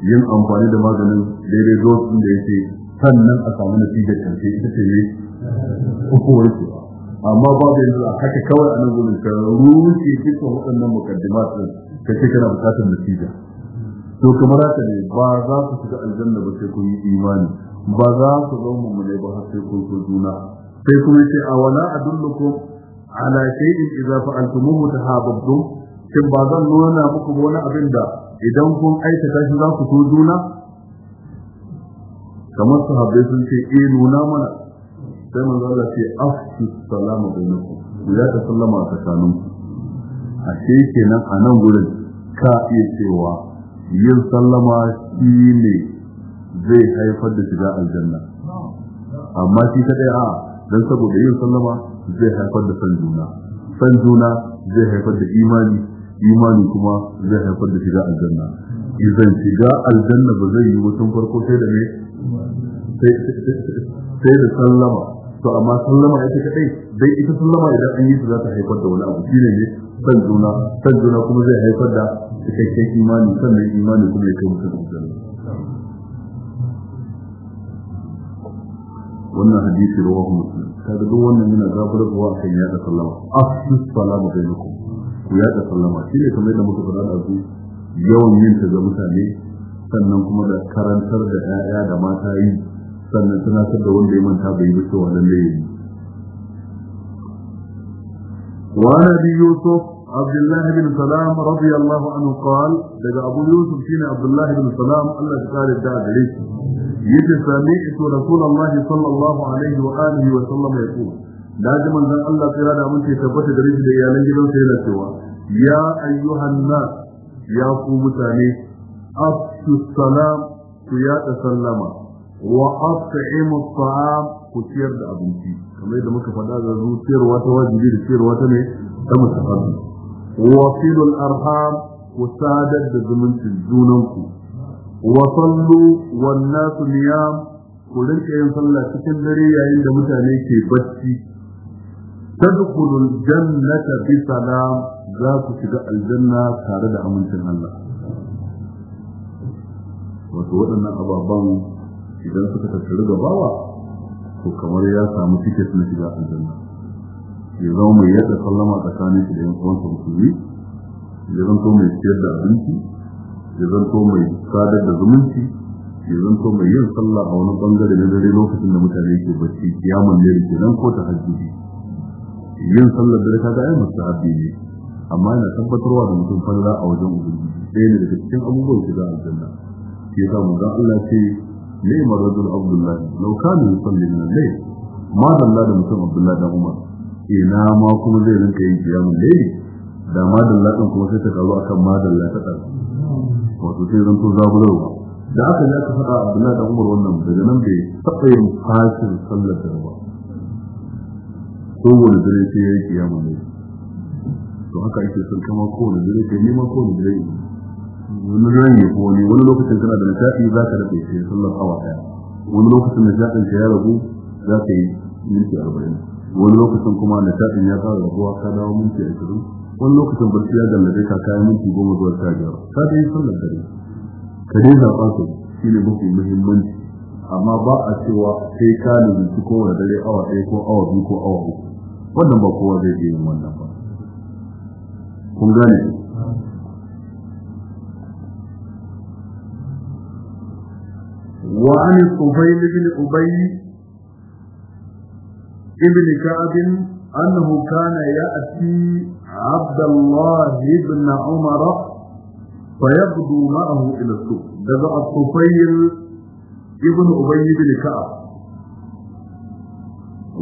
[SPEAKER 1] yin amfani da maganin daidai dose sun da yake sannan a samu natijar karshe ita ce ne uku warkewa amma babu yanzu a haka kawai a nan gudun ka rushe cikin waɗannan mukaddimat ka ce kana bukatar natija to kamar haka ne ba za su shiga aljanna ba sai kun yi imani ba za su zo mu ne ba har sai kun so juna sai kuma ce a wala adullukum ala shay'in idza fa'altumuhu tahabbtum shin ba zan nuna muku wani abin da idan kun aikata shi za ku so juna kamar sahabbai sun ce eh nuna mana sai manzo Allah ce afshu salama bainakum ya ta sallama tsakaninku a sai nan a nan gudun ka iya cewa yin sallama shi ne zai haifar da shiga aljanna amma shi ta ɗaya a don saboda yin sallama zai haifar da san juna san juna zai haifar da imani imani kuma zai haifar da shiga aljanna idan shiga aljanna ba zai yi mutum farko sai da ne sai da sallama to amma sallama ita kadai dai ita sallama idan an yi ta za ta haifar da wani abu shi ne san juna san juna kuma zai haifar da cikakken imani sannan imani kuma ya kai mutum
[SPEAKER 2] aljanna
[SPEAKER 1] wannan hadisi rawahu ta kaga duk wannan yana a kan yada sallama salama salamu bainakum ku yada sallama shi ne kamar yadda muka faɗa da su yawan yin ta ga mutane sannan kuma da karantar da 'ya'ya da mata yi sannan tunatar da wanda ya manta bai yi ba cewa lallai yi وعن ابي يوسف عبد الله بن سلام رضي الله عنه قال دجا ابو يوسف شين عبد الله بن سلام الله تعالى الدادري يجي سمعت رسول الله صلى الله عليه واله وسلم يقول لازم ان الله تعالى da mun ce tabbata da rishi da iyalan gidansa yana cewa ya ayyuhan nas ya ku mutane afsu salam ku ya sallama wa at'imu at'am ku ciyar da abinci kamar yadda muka faɗa da zuciyarwa ta wajibi da ciyarwa ta ne ta musahabi ku sadar da zumuncin junanku wa sallu wan nasu ku rinka yin sallah cikin dare yayin da mutane ke bacci tadkhulul jannata bi salam za ku shiga aljanna tare da amincin Allah wato waɗannan ababen idan suka tattaru da bawa ko kamar ya samu tiket na shiga aljanna ya zama mai yadda sallama tsakanin shi da yan uwansa musulmi ya zanto mai siyar da abinci ya zanto mai sadar da zumunci ya zanto mai yin sallah a wani bangare na dare lokacin da mutane ke bacci ya mallari ke nan ko tahajjudi yin sallar dare kaga ai haɗe ne amma yana tabbatarwa da mutum falla a wajen ubangiji ɗaya ne daga cikin abubuwan shiga aljanna ke samu ga Allah ce ليه مرجل عبد الله لو كان يصلي من الليل ما دل هذا مثل عبد الله ده عمر ma kuma zai rinka yin kiyamun laili da ma dalla kuma sai ta karu akan ma dalla ta ɗan wato sai zan to da aka ji aka faɗa abdullahi da umar wannan daga nan bai taɓa yin fashin sallar da ba kowane dare ya yi kiyamun laili to haka ake son kama wani ne kuma ne wani lokacin kana da nishaɗi za ka daɗe sai sallar awa ɗaya wani lokacin nishaɗin ka ya ragu za ka yi minti arba'in wani lokacin kuma nishaɗin ya fara raguwa ka dawo minti ashirin wani lokacin barci ya gallabe ka kayan minti goma zuwa sha biyar ka dai sallar dare ka dai zaɓa su shi ne mafi muhimmanci amma ba a cewa sai ka nufi kowane dare awa ɗaya ko awa biyu ko awa uku wannan ba kowa zai iya yin wannan ba kun gane وعن الطفيل بن أبي ابن كعب أنه كان يأتي عبد الله بن عمر فيبدو معه إلى السوق دفع الطفيل ابن أبي بن كعب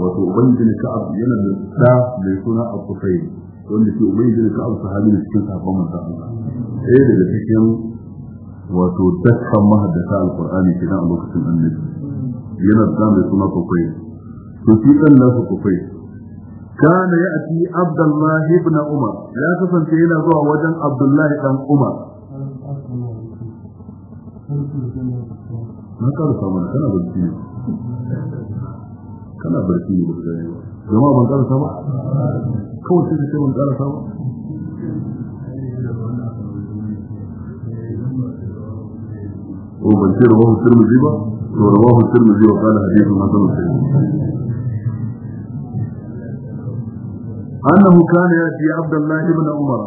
[SPEAKER 1] wato ubangi bin ka'ab yana da da mai suna al-qusayl wanda ke ubangi bin ka'ab sahabi da cikin sahabban manzo Allah daga cikin wato dakkan mahaddata alqur'ani kenan a lokacin annabi yana da mai suna kufai to shi dan nasu kufai kana ya'ti abdullah ibn umar ya kasance yana zuwa wajen abdullah dan umar na karu samun kana barci ne. kana barci ne ba zai ba jama'a ban karu sama
[SPEAKER 2] kawai sai da ban karu sama
[SPEAKER 1] ومن رواه الترمذي ورواه الترمذي وقال حديث حسن صحيح أنه كان يأتي عبد الله بن عمر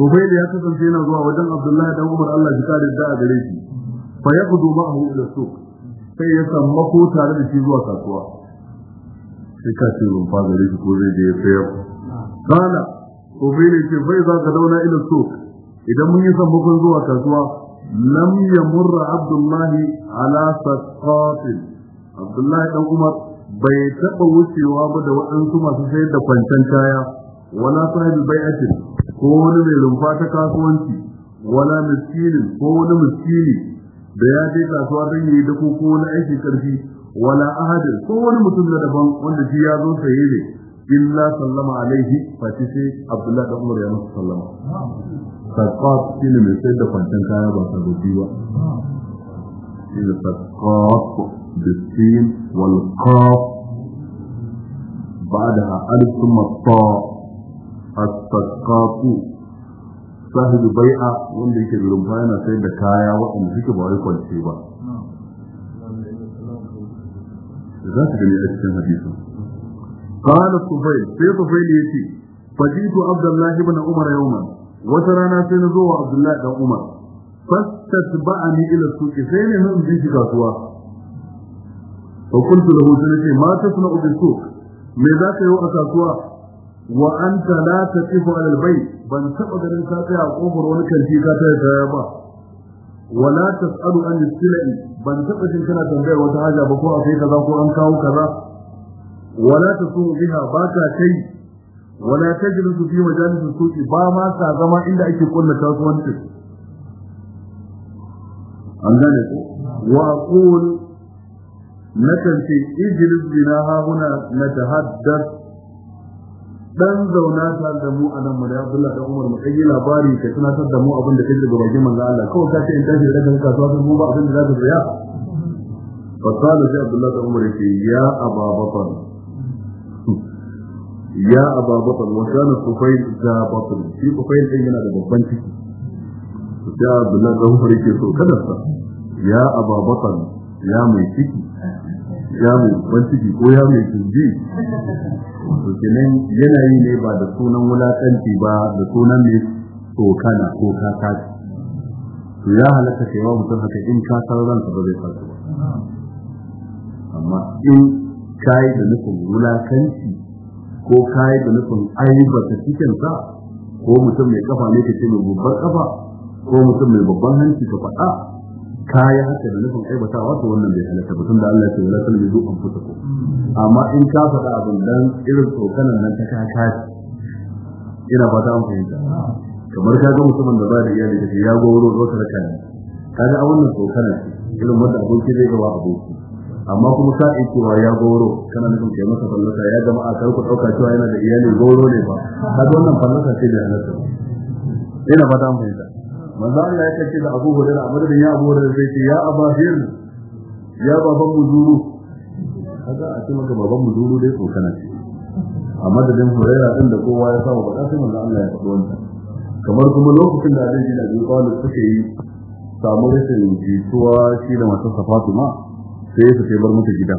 [SPEAKER 1] وبين يأتي فينا زوا وجن عبد الله بن عمر الله جكار الداء بريجي فيقضوا معه إلى السوق فيسمقوا تارد في زوا كاتوا sai ka ce rumfa gare shi ko zai je ya sayar kana ko bai ne ce bai za ka dauna ila so idan mun yi lam yamurra abdullahi ala saqatin abdullahi dan umar bai taɓa wucewa ba da waɗansu masu sayar da kwancan kaya wala sahibi bai'atin ko wani mai rumfa ta kasuwanci wala miskinin ko wani miskini da ya je kasuwa don yi da ko wani aiki karfi wala ahadin ko wani mutum na daban wanda shi ya zo saye ne illa sallama alaihi Fati sai abdullahi dan umar ya masa sallama sakaf shi ne mai sai da kwanton kaya ba gobi ba shi ne sakaf da sin wal kaf ba da alif kuma ta as-sakafu sahibi bai'a wanda yake rumfa yana sayar da kaya waɗanda suke ba wai kwance ba za su gani a cikin hadisin قال طفيل في طفيل يتي فجئت عبد الله بن عمر يوما wata rana sai na zo wa abdullahi dan umar fastatba'ani ila suki sai ne mun bi shi kasuwa fa mu sai ce ma suna ubi me za ka yi a kasuwa wa anta la taqifu ala albayt ban taba ganin ka tsaya a kofar wani kanti ka tsaya kaya ba wala tas'alu an silai ban taba jin kana tambayar wata haja ba ko akai kaza ko an kawo kaza wala tasumu biha ba ka kai wala tajlisu fi majalis suq ba ma sa zama inda ake kunna kasuwanci an gane ko wa aqul nakan ce ijlis bina ha huna natahaddath dan zauna ta da mu anan mu da Abdullah da Umar mu kai labari ka tunatar da mu abin da kake daga bakin manzo Allah kawai ka ce in tashi daga kasuwa mu ba abin da za ka tsaya fa sai Abdullah da Umar ya ce ya Aba Bakar ya aba بطل wa kana ذا بطل في shi kufail din yana da babban ciki da Abdullah da كذا يا so بطل يا ya يا ميتك ya mai ciki ya mai babban ciki ko ya mai yanayi ne ba da sunan wulakanci ba da sunan mai tsokana ko kakaci to ya halatta kai mutum haka in ka san ranka ba zai farko ba amma in kai da nufin wulakanci ko kayi da nufin aibata cikinsa ko mutum mai kafa ne ka ce mai babban kafa ko mutum mai babban hanci ka faɗa kaya haka da nufin aibata wato wannan bai halatta ba da Allah ce wala talmizu ko. amma in ka faɗa abin dan irin tsokanan nan ta kaka ina fata an fahimta kamar ka ga mutumin da ba da iyali da ya goro zo ka raka ne kaga a wannan tsokanan irin wanda abokin zai ga wa aboki amma kuma ka iya cewa ya goro kana nufin kai masa fallasa ya a kar ku dauka cewa yana da iyali goro ne ba ka ga wannan fallasa ce da halatta ina fata mun fahimta manzo Allah ya kace da Abu Hurairah amma da ya Abu Hurairah sai ce ya Abu Hir ya baban mu zuru kaga a ce maka baban mu zuru dai kana ce amma da dan Hurairah din da kowa ya saba bada sai manzo Allah ya faɗo wannan kamar kuma lokacin da Abu Hurairah da Abu suka yi samu rashin jituwa shi da safatu Fatima sai ya su bar mata gida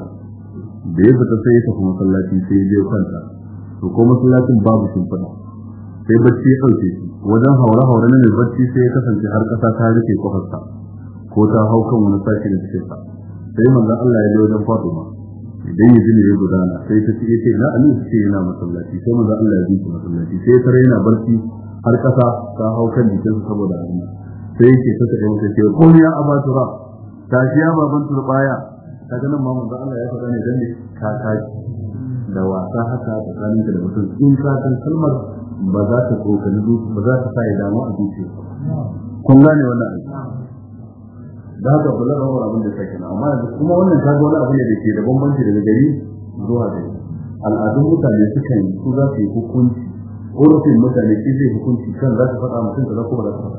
[SPEAKER 1] da ya fita sai ya tafi masallaci sai ya je kanta. to ko masallacin babu sun shimfiɗa sai bacci ya ɗauke shi wajen haure-haure na mai bacci sai ya kasance har ƙasa ta rufe kofarsa ko ta hau kan wani sashi da cikin sa sai manzon Allah ya je wajen Fatima idan ya jini ya gudana sai ta ce ce na Ali ce yana masallaci sai manzon Allah ya ji masallaci sai ya tare yana barci har ƙasa ta hau kan jikinsa saboda abin sai yake ta tafi mata ce ko ya abatu ra tashi ya baban turbaya kaga nan ma manzo Allah ya faɗa ne dan ne ka da wasa haka tsakanin da mutum in ka san kalmar ba za ta kokari ba za ta sai damu a zuciya kun gane wannan aiki da haka kula da wani abin da take na amma yanzu kuma wannan ta wani abu ne da ke da bambanci daga gari zuwa gari al'adun mutane sukan yi su za su yi hukunci urufin mutane shi zai hukunci kan za su faɗa mutum da za ko ba za su faɗa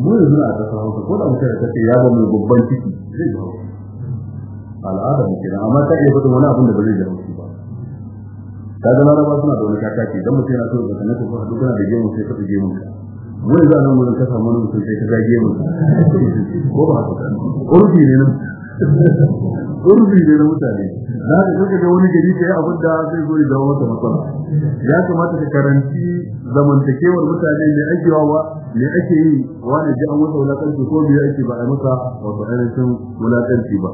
[SPEAKER 1] mu yanzu na a ƙasa hausa ko da mutum ta ce ya ga mai babban ciki zai ba al'ada mu kenan amma ta iya fito wani abin da ba zai ji su ba ta zama na ba suna da wani kakaki idan mutum yana so ka sanar ko ka duk da gemu sai ka fi mu ka wani za nan wurin ka samu wani mutum sai ka ga gemun ko ba haka urfi ne nan urfi ne na mutane za ka ɗauke ga wani gari ka yi abin da zai zo ya jawo masa matsala ya kamata ka karanci zamantakewar mutane mai ajiyawa me ake yi wani ji an masa wulaƙanci ko me ake ba a maka wato ainihin wulaƙanci ba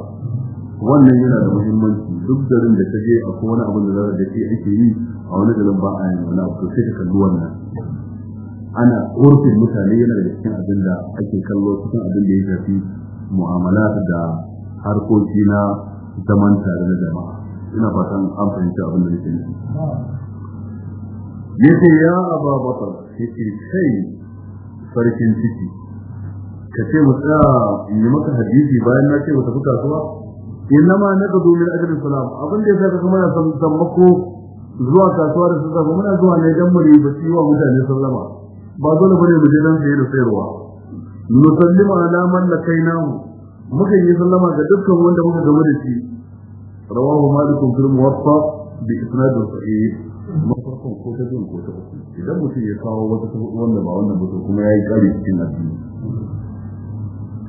[SPEAKER 1] wannan yana da muhimmanci duk garin da ta je akwai wani abin da za da ke ake yi a wani garin ba a yin wani abu sai ka kalli wannan ana korfin mutane yana da cikin abin da ake kallo cikin abin da ya shafi mu'amala da harkoki na zaman tare da jama'a ina fatan an fahimci abin da yake nufi yace ya aba bakar yace kai farkin ciki ka ce masa in yi maka hadisi bayan na ce ba tafi kasuwa innama zo min ajrin salam abin da yasa kuma na sammako zuwa kasuwa da sassafe, muna zuwa ne dan mu ba ciwa mutane sallama ba dole bane mu je nan saye da sayarwa nusallimu ala man mu muka yi sallama ga dukkan wanda muka gama da shi rawahu malikun fil muwatta bi isnad sahih mafarkon ko ta jin ko ta idan mutum ya kawo wata wannan ba wannan mutum kuma ya yi kare cikin addini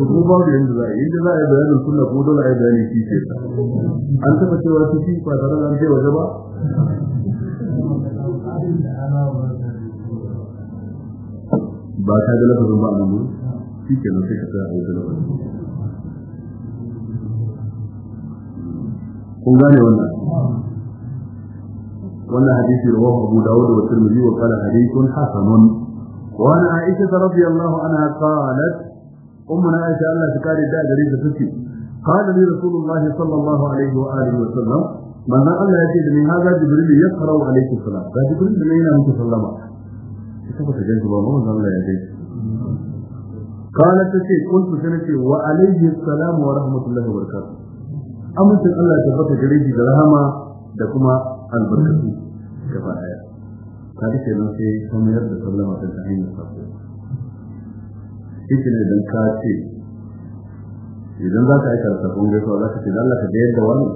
[SPEAKER 1] to ko babu yanda za a yi yanda za a yi bayanin sunna ko dole a yi bayanin shi ke an taɓa cewa su shi ba tare da an ce waje ba ba ta ga lafazin ba a nan shi ke nan sai ka tsaya a wata lafazin kun gane wannan wannan hadisi rawahu Abu Dawud wa Tirmidhi wa qala hadithun hasanun wa an Aisha radhiyallahu anha qalat أمنا عائشة الله تكاري دا دريد فتي قال لي رسول الله صلى الله عليه وآله وسلم من الله يجد من هذا جبريل يقرأ عليك السلام فجبريل من أين أنت سلمه كتبت جنت الله من الله يجد قالت تشي قلت سنتي وعليه السلام ورحمة الله وبركاته أمنت الله تبقى جريدي درهما دكما البركة كفاية هذه كلمة سمير بسلامة الحين الصحيح shi idan don ka ce idan za ka yi da sakon gaisuwa za ka ce dalla ka da yadda wani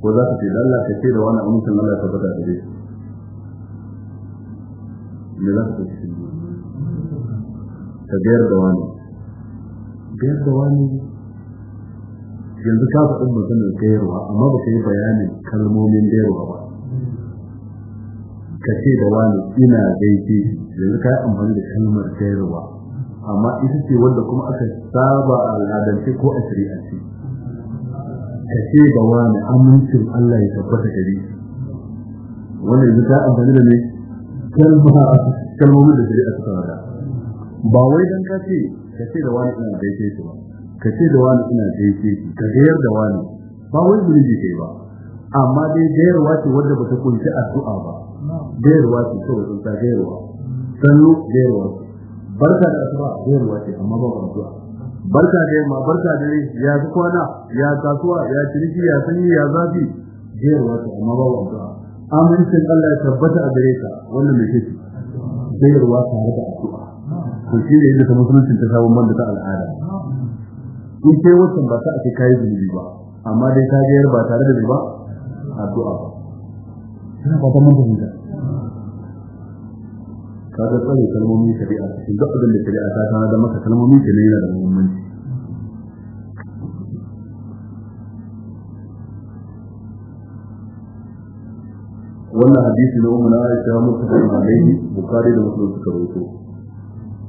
[SPEAKER 1] ko za ka ce dalla ka ce da wani amincin Allah ka bada da dai me za ka ce ka biyar da wani
[SPEAKER 2] biyar da wani
[SPEAKER 1] yanzu ka faɗin maganar gayarwa amma ba ka yi bayanin kalmomin gayarwa ba ka ce da wani ina gaishe yanzu ka yi amfani da kalmar gayarwa amma ita ce wanda kuma aka saba a al'adance ko a shari'ance ka ce ba wani amincin Allah ya tabbata gare shi wannan yanzu ta amfani da ne kalma kalmomin da shari'a ta fara ba wai dan ka ce ka ce da wani ina gaishe shi ba ka ce da wani ina gaishe shi ka gayar da wani ba wai zunubi kai ba amma dai gayarwa ce wanda ba ta kunshi addu'a ba gayarwa ce kawai sun ta gayarwa sannu gayarwa barka da asuba zai ce amma ba addu'a barka da yamma barka da dare ya zu kwana ya kasuwa ya ciniki ya sanyi ya zafi zai ce amma ba addu'a amincin Allah ya tabbata a gare ka wannan mai kake zai ruwace har da addu'a Ko shi ne da musulunci ta sabon banda ta al'ada in kai wannan ba ta ake kai zunubi ba amma dai ka ga ba tare da ba addu'a ba ina ba ta mun kaga tsare kalmomin shari'a cikin duk abin da shari'a ta tana da maka kalmomin shi ne yana da muhimmanci wannan hadisi na umma Aisha da alayhi bukari, da Muslim suka rawaito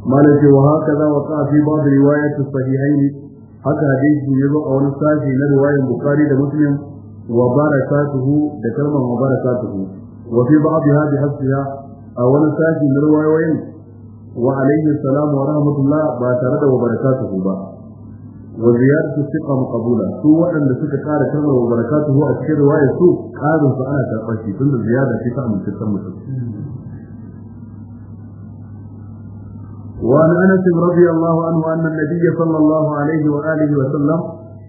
[SPEAKER 1] malam ce wa haka za wa ka fi ba'd riwayat sahihain haka hadisi ne zo a wani sashi na riwayan bukari da Muslim wa barakatuhu da kalmar wa barakatuhu wa fi babu hadhihi ha. أولا ساكي من روايوين وعليه السلام ورحمة الله باترد وبركاته با وزيادة الثقة مقبولة سوء أن لسك قال كرم وبركاته أشكي رواية سوء قادم فأنا آه تقشي كل زيادة كفاء من ستة مشكلة وعن أنس رضي الله عنه أن النبي صلى الله عليه وآله وسلم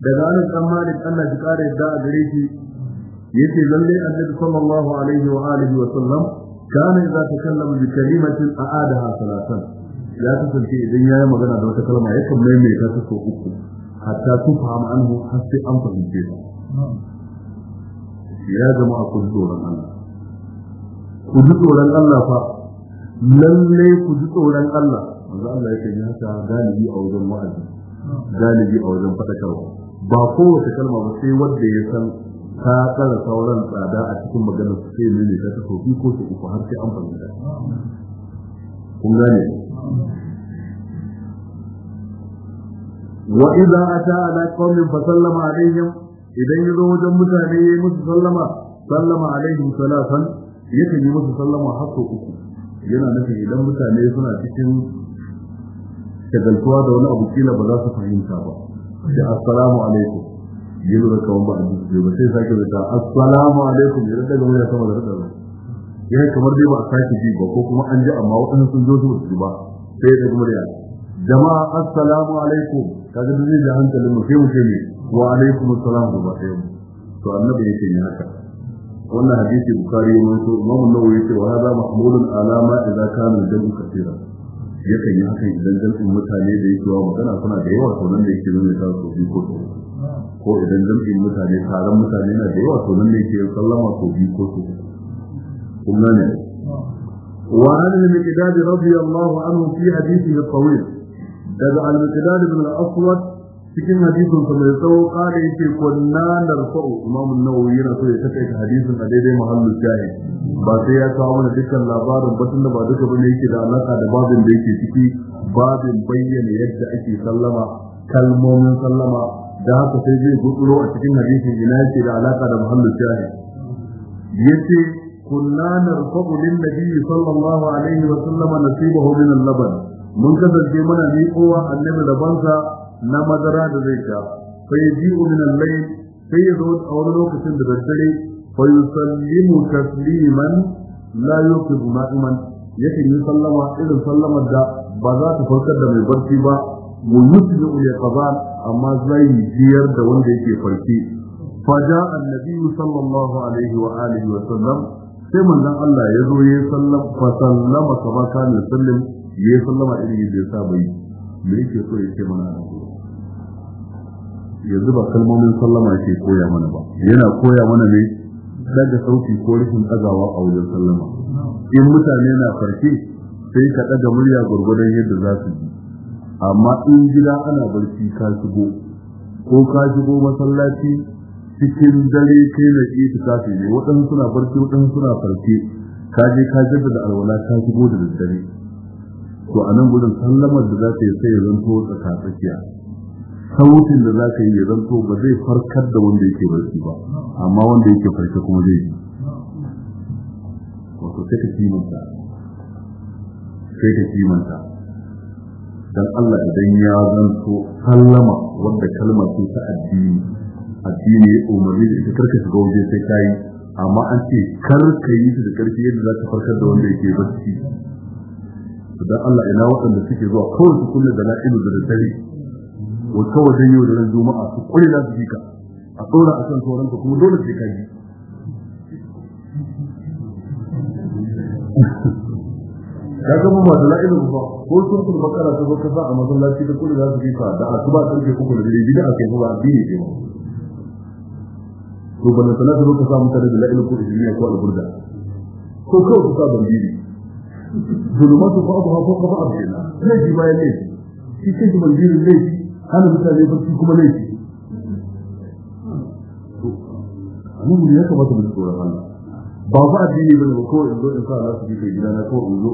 [SPEAKER 1] دعاني أمان أن ذكار الداء بريتي يتي ذلي أن صلى الله عليه وآله وسلم kana idza takallama bi kalimatin a'adaha salatan ya kasance idan yi magana da wata kalma yakan maimaita ta sau uku hatta tufham anhu har sai an fahimce ta ya jama'a ku ji tsoron Allah ku ji tsoron Allah fa lalle ku ji tsoron Allah manzo Allah yake yi haka galibi a wajen galibi a wajen fadakarwa ba kowace kalma ba sai wanda ya san ta tsara sauran tsada a cikin maganar su sai ne ta tafi biyu ko su uku har sai an fahimta kun gane wa a ata ala qaumin fa sallama alaihim idan ya zo wajen mutane ya yi musu sallama sallama alaihim salatan kan yi musu sallama har sau uku yana nufin idan mutane suna cikin shagaltuwa da wani abu kila ba za su fahimta ba sai assalamu alaikum yi lura kawan ba a jiske ba sai sake wuta assalamu alaikum ya rada gama ya sama da rada ba yana kamar dai ba a sake ji ba ko kuma an ji amma waɗansu sun zo su ba sai ya daga murya jama'a assalamu alaikum kaga duk da hankalin mu sai mu ce ne wa alaikum assalam ba sai mu to annabi yake ni haka wannan hadisi bukari ya manto imam an-nawawi ce wa hada mahmudun ala ma idza kana jamu katira yakan yi haka idan jam'in mutane da yake wa magana suna da yawa to nan da yake nuna ta so ko ko idan jam'in mutane taron mutane na da yawa to nan ne ke sallama ko biyu ko su kun gane wa an al-miqdad radiyallahu anhu fi hadithihi at-tawil daga al-miqdad ibn al cikin hadisin sa mai tsawo kare yake kunna narfa'u imam an-nawawi yana so ya take hadisin a daidai mahallu shahid ba sai ya kawo mana dukkan labarin ba tunda ba duka bane yake da alaka da babin da yake ciki babin bayyana yadda ake sallama kalmomin sallama da haka sai zai gutsuro a cikin hadisin ina yake da alaka da muhammad shahid yace kunna narfabu lin nabiy sallallahu alaihi wa sallam nasibahu min al-laban mun kasance muna kowa annabi rabansa na madara da zai sha fa yaji'u min al-layl sai ya zo a wani lokacin da daddare fa yusallimu tasliman la yuqidu na'iman yake yi sallama irin sallamar da ba za ta farkar da mai barci ba wa yusbi al-yaqban amma zai biyar da wanda yake farke faja annabi sallallahu alaihi wa alihi wa sallam sai manzon Allah ya zo ya sallam fa sallama kama kana sallim ya sallama irin yadda ya saba yi me yake so ya ce mana da yanzu ba kalmomin sallama ke koya mana ba yana koya mana ne daga sauki ko rashin ɗagawa a wajen sallama in mutane na farke sai ka ɗaga murya gwargwadon yadda za su ji amma in gida ana barci ka shigo ko ka shigo masallaci cikin dare kai na ke ta kafi ne waɗansu suna barci waɗansu suna farke ka je ka jaddada alwala ka shigo da daddare to a nan gudun sallamar da za ka yi sai ya zanto tsaka tsakiya sautin da za ka yi ya zanto ba zai farkar da wanda yake barci ba amma wanda yake farke kuma zai yi wato sai ka kimanta sai ka kimanta dan Allah idan ya zanto sallama wanda kalma ce ta addini addini ya umarni da ita karka shiga waje sai ka yi amma an ce kar ka yi su da karfi yadda za ka farkar da wanda yake barci dan Allah ina waɗanda suke zuwa kawai su kulle da la'ilu da dare wa kawai dan yau da ran juma'a su kulle da su ji ka a tsora a kan sauran ka kuma dole sai ka yi ya zama ba da la'ilin ba ko sun kun bakara su baka sa a masallaci da kullu za su bi fa da asuba ke da dare bid'a kai ba bi ne to bana sana da sa mutane da la'ilin ko ismiya ko sa burda ko ko su sa bandiri ko ba'dha fawqa ba'd laifi ba laifi shi ce bandirin laifi hana mutane barci kuma laifi nan ne ya kamata mu tsoron Allah ba fa addini bane ba ko in zo in sa Allah su bi kai gidana ko in zo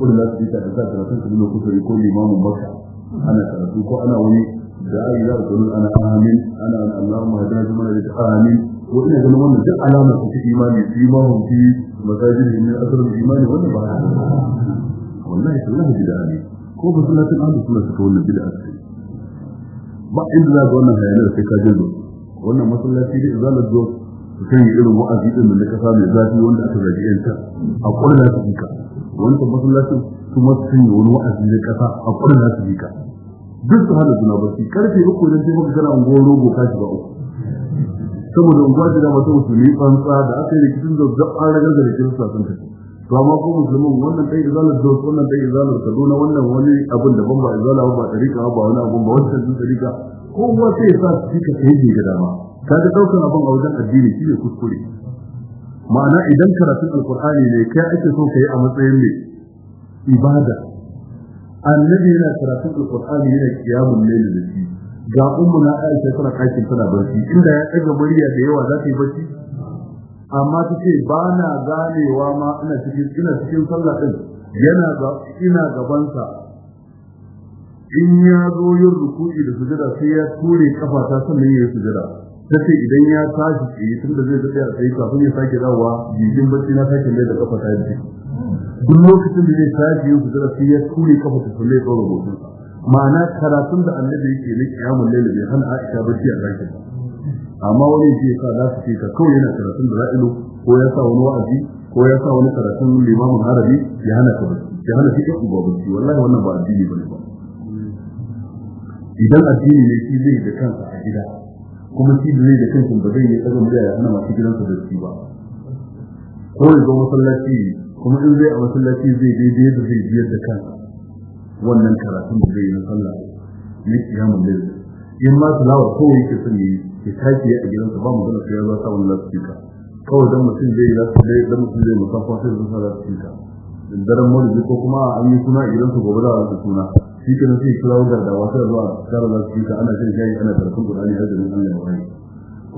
[SPEAKER 1] wanda za su je da sa karatun su nuna kusuri ko limamin maka ana karatu ko ana wani da ayi za su ana amin ana Allahumma hadina jama'a da amin ko ina ganin wannan duk alama su cikin imani su imamun fi masajidin min asirin imani wanda ba a wallahi sallahi bid'a ne ko ba sunnatin ahlus suna suka wannan bid'a ce ba inda za ga wannan hayanin sai ka jin wannan masallaci da izalar zuwa su kan yi irin wa'azi din da na kasa mai zafi wanda aka zagi yanta a kwallon su ka wancan masallacin kuma su yi wani wa'azi na kasa a na su jika duk su hana suna barci karfe uku idan sai maka gana unguwar rogo ka shiga uku saboda unguwa ce da masu musulmi tsantsa da aka yi rikicin da an ragar da rikicin sa sun tafi to amma ko musulmin wannan yi zalar da wannan ɗaya izalar na wannan wani abin daban ba zala ba tarika ba wani abin ba wancan sun tarika ko kuma sai ya sa su ka ta yi jika dama ga ɗaukar abin a wajen addini shi ne kuskure ma'ana idan karatun alkur'ani ne kai ake so ka yi a matsayin mai ibada annabi yana karatun alkur'ani yana kiyamun ne da shi ga ummu na aisha tana kakin tana barci inda ya ɗaga murya da yawa za ta yi barci amma ta ce ba na ganewa ma ina cikin ina cikin sallah ɗin yana ina gabansa in ya zo yin ruku'i da sujada sai ya ture kafa ta sannan ya yi sujada ta ce idan ya tashi tsaye tun da zai zaɓe a tsaye kafin ya sake dawowa jijin bacci na sake mai da kafa ta ji duk lokacin da zai tashi yin fitara sai ya ture kafa ta sulle ya tsoro ma'ana karatun da annabi yake na kiyamun laila bai hana aisha bacci a rankin amma wani ya sa za su ce ka kawai yana karatun da ra'ilu ko ya sa wani wa'azi ko ya sa wani karatun limamin harabi ya hana ka bacci ya hana shi ɗauki babanci wallahi wannan ba addini ba ne ba idan addini ne shi zai da kansa a gida kuma shi da zai da kan ba zai yi tsaga da ya hana masu gidansa da su ba ko ya zo masallaci kuma in zai a masallaci zai daidai yadda zai biyar da kan wannan karatun da zai yi na sallah na kiyamun da in ma salawa yi ke sun yi ya kaki a gidansa ba mu gana sai ya zo sa wani lasfika kawai dan mutum zai yi zai dan mutum zai musamman sai zo sa lasfika daren mulki ko kuma an yi suna a gidansa gobe da wani suna shi ke sai kirawo gardawa sai zuwa kara za su fita ana jin shayi ana karatun Qur'ani har da mun Allah ya wani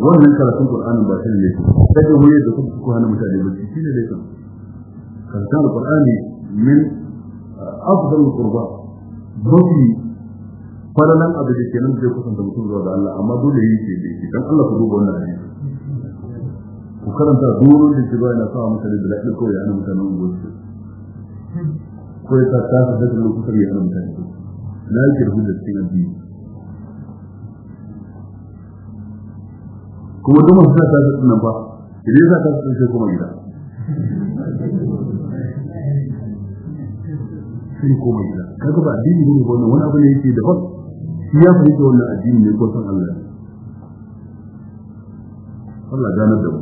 [SPEAKER 1] wannan karatun Qur'anin ba shi ne sai da wani da kuma ku hana mutane ba shi ne dai karatun Qur'ani min uh, afdal qurba mafi falalan abu da ke kenan zai kusanta mutum zuwa ga Allah amma dole yi ce dai dan Allah ku duba wannan hadisi ku karanta doron da ke yana sa mutane da lafiya ko ya ana mutanen gobe ko ya ta haddasa lokutan ya hana mutane na yake da hujjar cikin addini kuma duk masu sa tasu sunan ba idan sa tasu sun sai kuma gida sun koma gida kaga ba addini ne wannan wani abu ne yake daban shi ya fahimta wannan addini ne ko san Allah Allah ganar da mu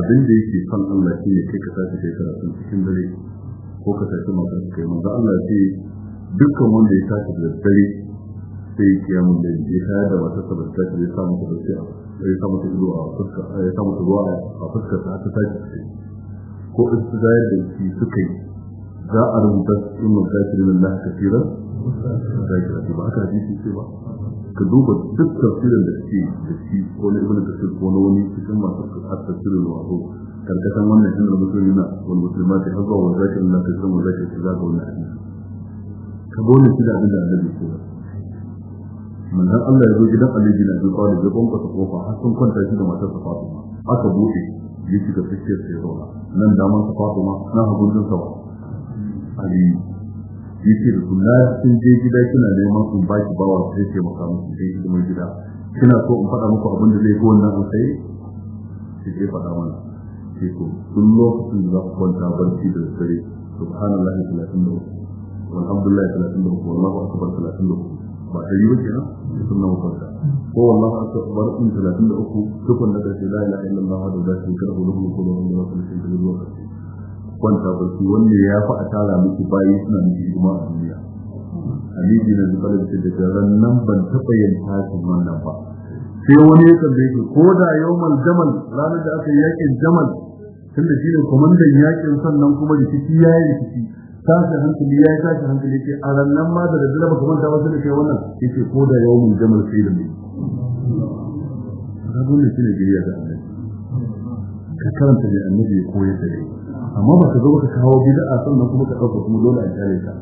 [SPEAKER 1] abin da yake son Allah shi ne kai ka tashi kai karatun cikin dare ko ka tashi matar ka kai manzo Allah ce dukkan wanda ya tashi da dare sai ya kiyamu da ya tayar da matarsa ba ta tashi ya samu ta barci ya samu ta zuwa a fuska ya samu ta zuwa a fuska ta ta tashi ko in su zayar da shi suka yi za a rubuta sunan kafirin Allah kafiran da ya ba ka hadisi ce ba ka duba duk tafsirin da suke da shi ko na ibn tafsir ko na wani cikin masu tafsirin da wato karkatan wannan shi da musulmi na wani musulma ta hazwa wa zaki Allah ta san wa zaki ta zaka wannan hadisi ka gode shi da abin da Allah ya ce manzon Allah ya zo gidan Ali bin Abi Talib da kuma ta kofa har sun kwanta shi da matar sa Fatima aka bude ya shiga tsakiyar sai zauna nan daman sa Fatima na hagun sa Ali yace da kula sun je gida kina neman ku ba ki bawa sai ce maka muku sai kuma gida kina so in faɗa muku abin da zai ko wannan sai ki ke faɗa mana sai ko duk lokacin da za ku kwanta barci da dare subhanallahi 33 walhamdulillahi wa wallahu akbar 33 ba dai yake na sunna mu kwanta ko wallahu akbar 33 dukkan da sai la ilaha illallah wa la shirika lahu mulku wa lahu al-hamdu wa lahu kwanta barci wanda ya fi a tara miki bayi suna miki kuma a duniya hadisi na zubarar da daga ran nan ban taɓa yin tashin wannan ba sai wani ya tambaye ki ko da yawmal jamal ranar da aka yi yakin jamal tunda shi ne kwamandan yakin sannan kuma rikici ya yi rikici tashin hankali ya yi tashin hankali ke a ran nan ma da da zama kuma ta wasu da ke wannan ya ce ko da yawmal jamal sai da mai da shi ne giriya da annabi ka karanta da annabi ko ya tare amma ba ka zo ka kawo bid'a sannan kuma ka ɗauka kuma dole a kare ka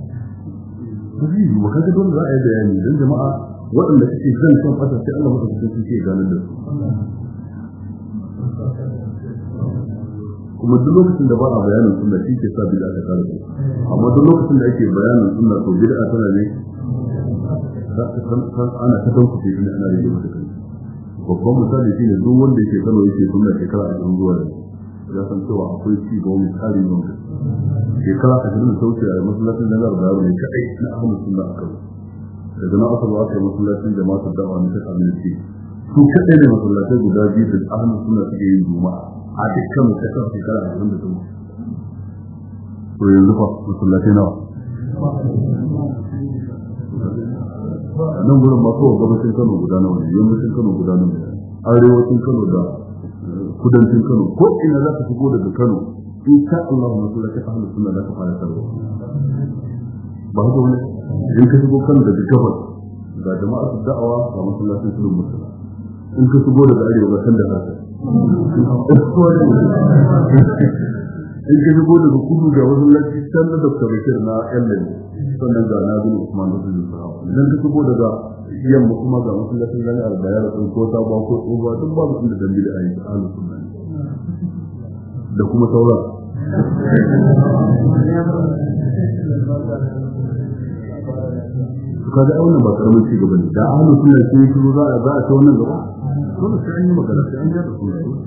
[SPEAKER 1] ba zai ba kaga dole za a yi bayani don jama'a waɗanda suke zan son fata sai Allah maka kusa suke ganin da su kuma duk lokacin da ba a bayanin sunna shi ke sa bid'a ta kare ku amma duk lokacin da ake bayanin sunna to bid'a tana ne ana ta dauka ce ana rage mata kai babban misali ne duk wanda yake kano yake sunna shekara a zuwa da ya san cewa akwai ci gaba mai tsari ne wanda shekara ashirin da sauke a masallacin da zarar bayan ne kaɗai na ahmad sunna aka kano daga na asaba aka yi masallacin da masu dawa na kasa mai ce su kaɗai da masallacin guda biyu da ahmad sunna suke yin juma'a a dukkan kasar shekara ashirin da sauke to yanzu fa masallacin nawa nan gurin ba masu gabashin kano guda nawa ne yammacin kano guda nawa arewacin kano da kudancin Kano ko ina za ka shigo daga Kano in sha Allah mu kula ka ahlus sunna za ka fara sarwa ba haka wani in ka shigo Kano daga gabas ga jama'ar da'awa ga masallacin sunan musulma in ka shigo daga arewa ga kan da haka in ka shigo daga kudu ga wasu lafi can na Dr. Bashir na Ellen sannan ga na gudu kuma da Sulhu Sahaba idan ka shigo daga yamma kuma ga masallacin zan da ko sabuwa ko tsohuwa duk ba su da dambe da da ahlus sunna da kuma sauran kaga ai wannan ba karamin ci gaba ne da sun shiru za a za a ta wannan gaba
[SPEAKER 2] dole sai an yi magana sai an yi da sunna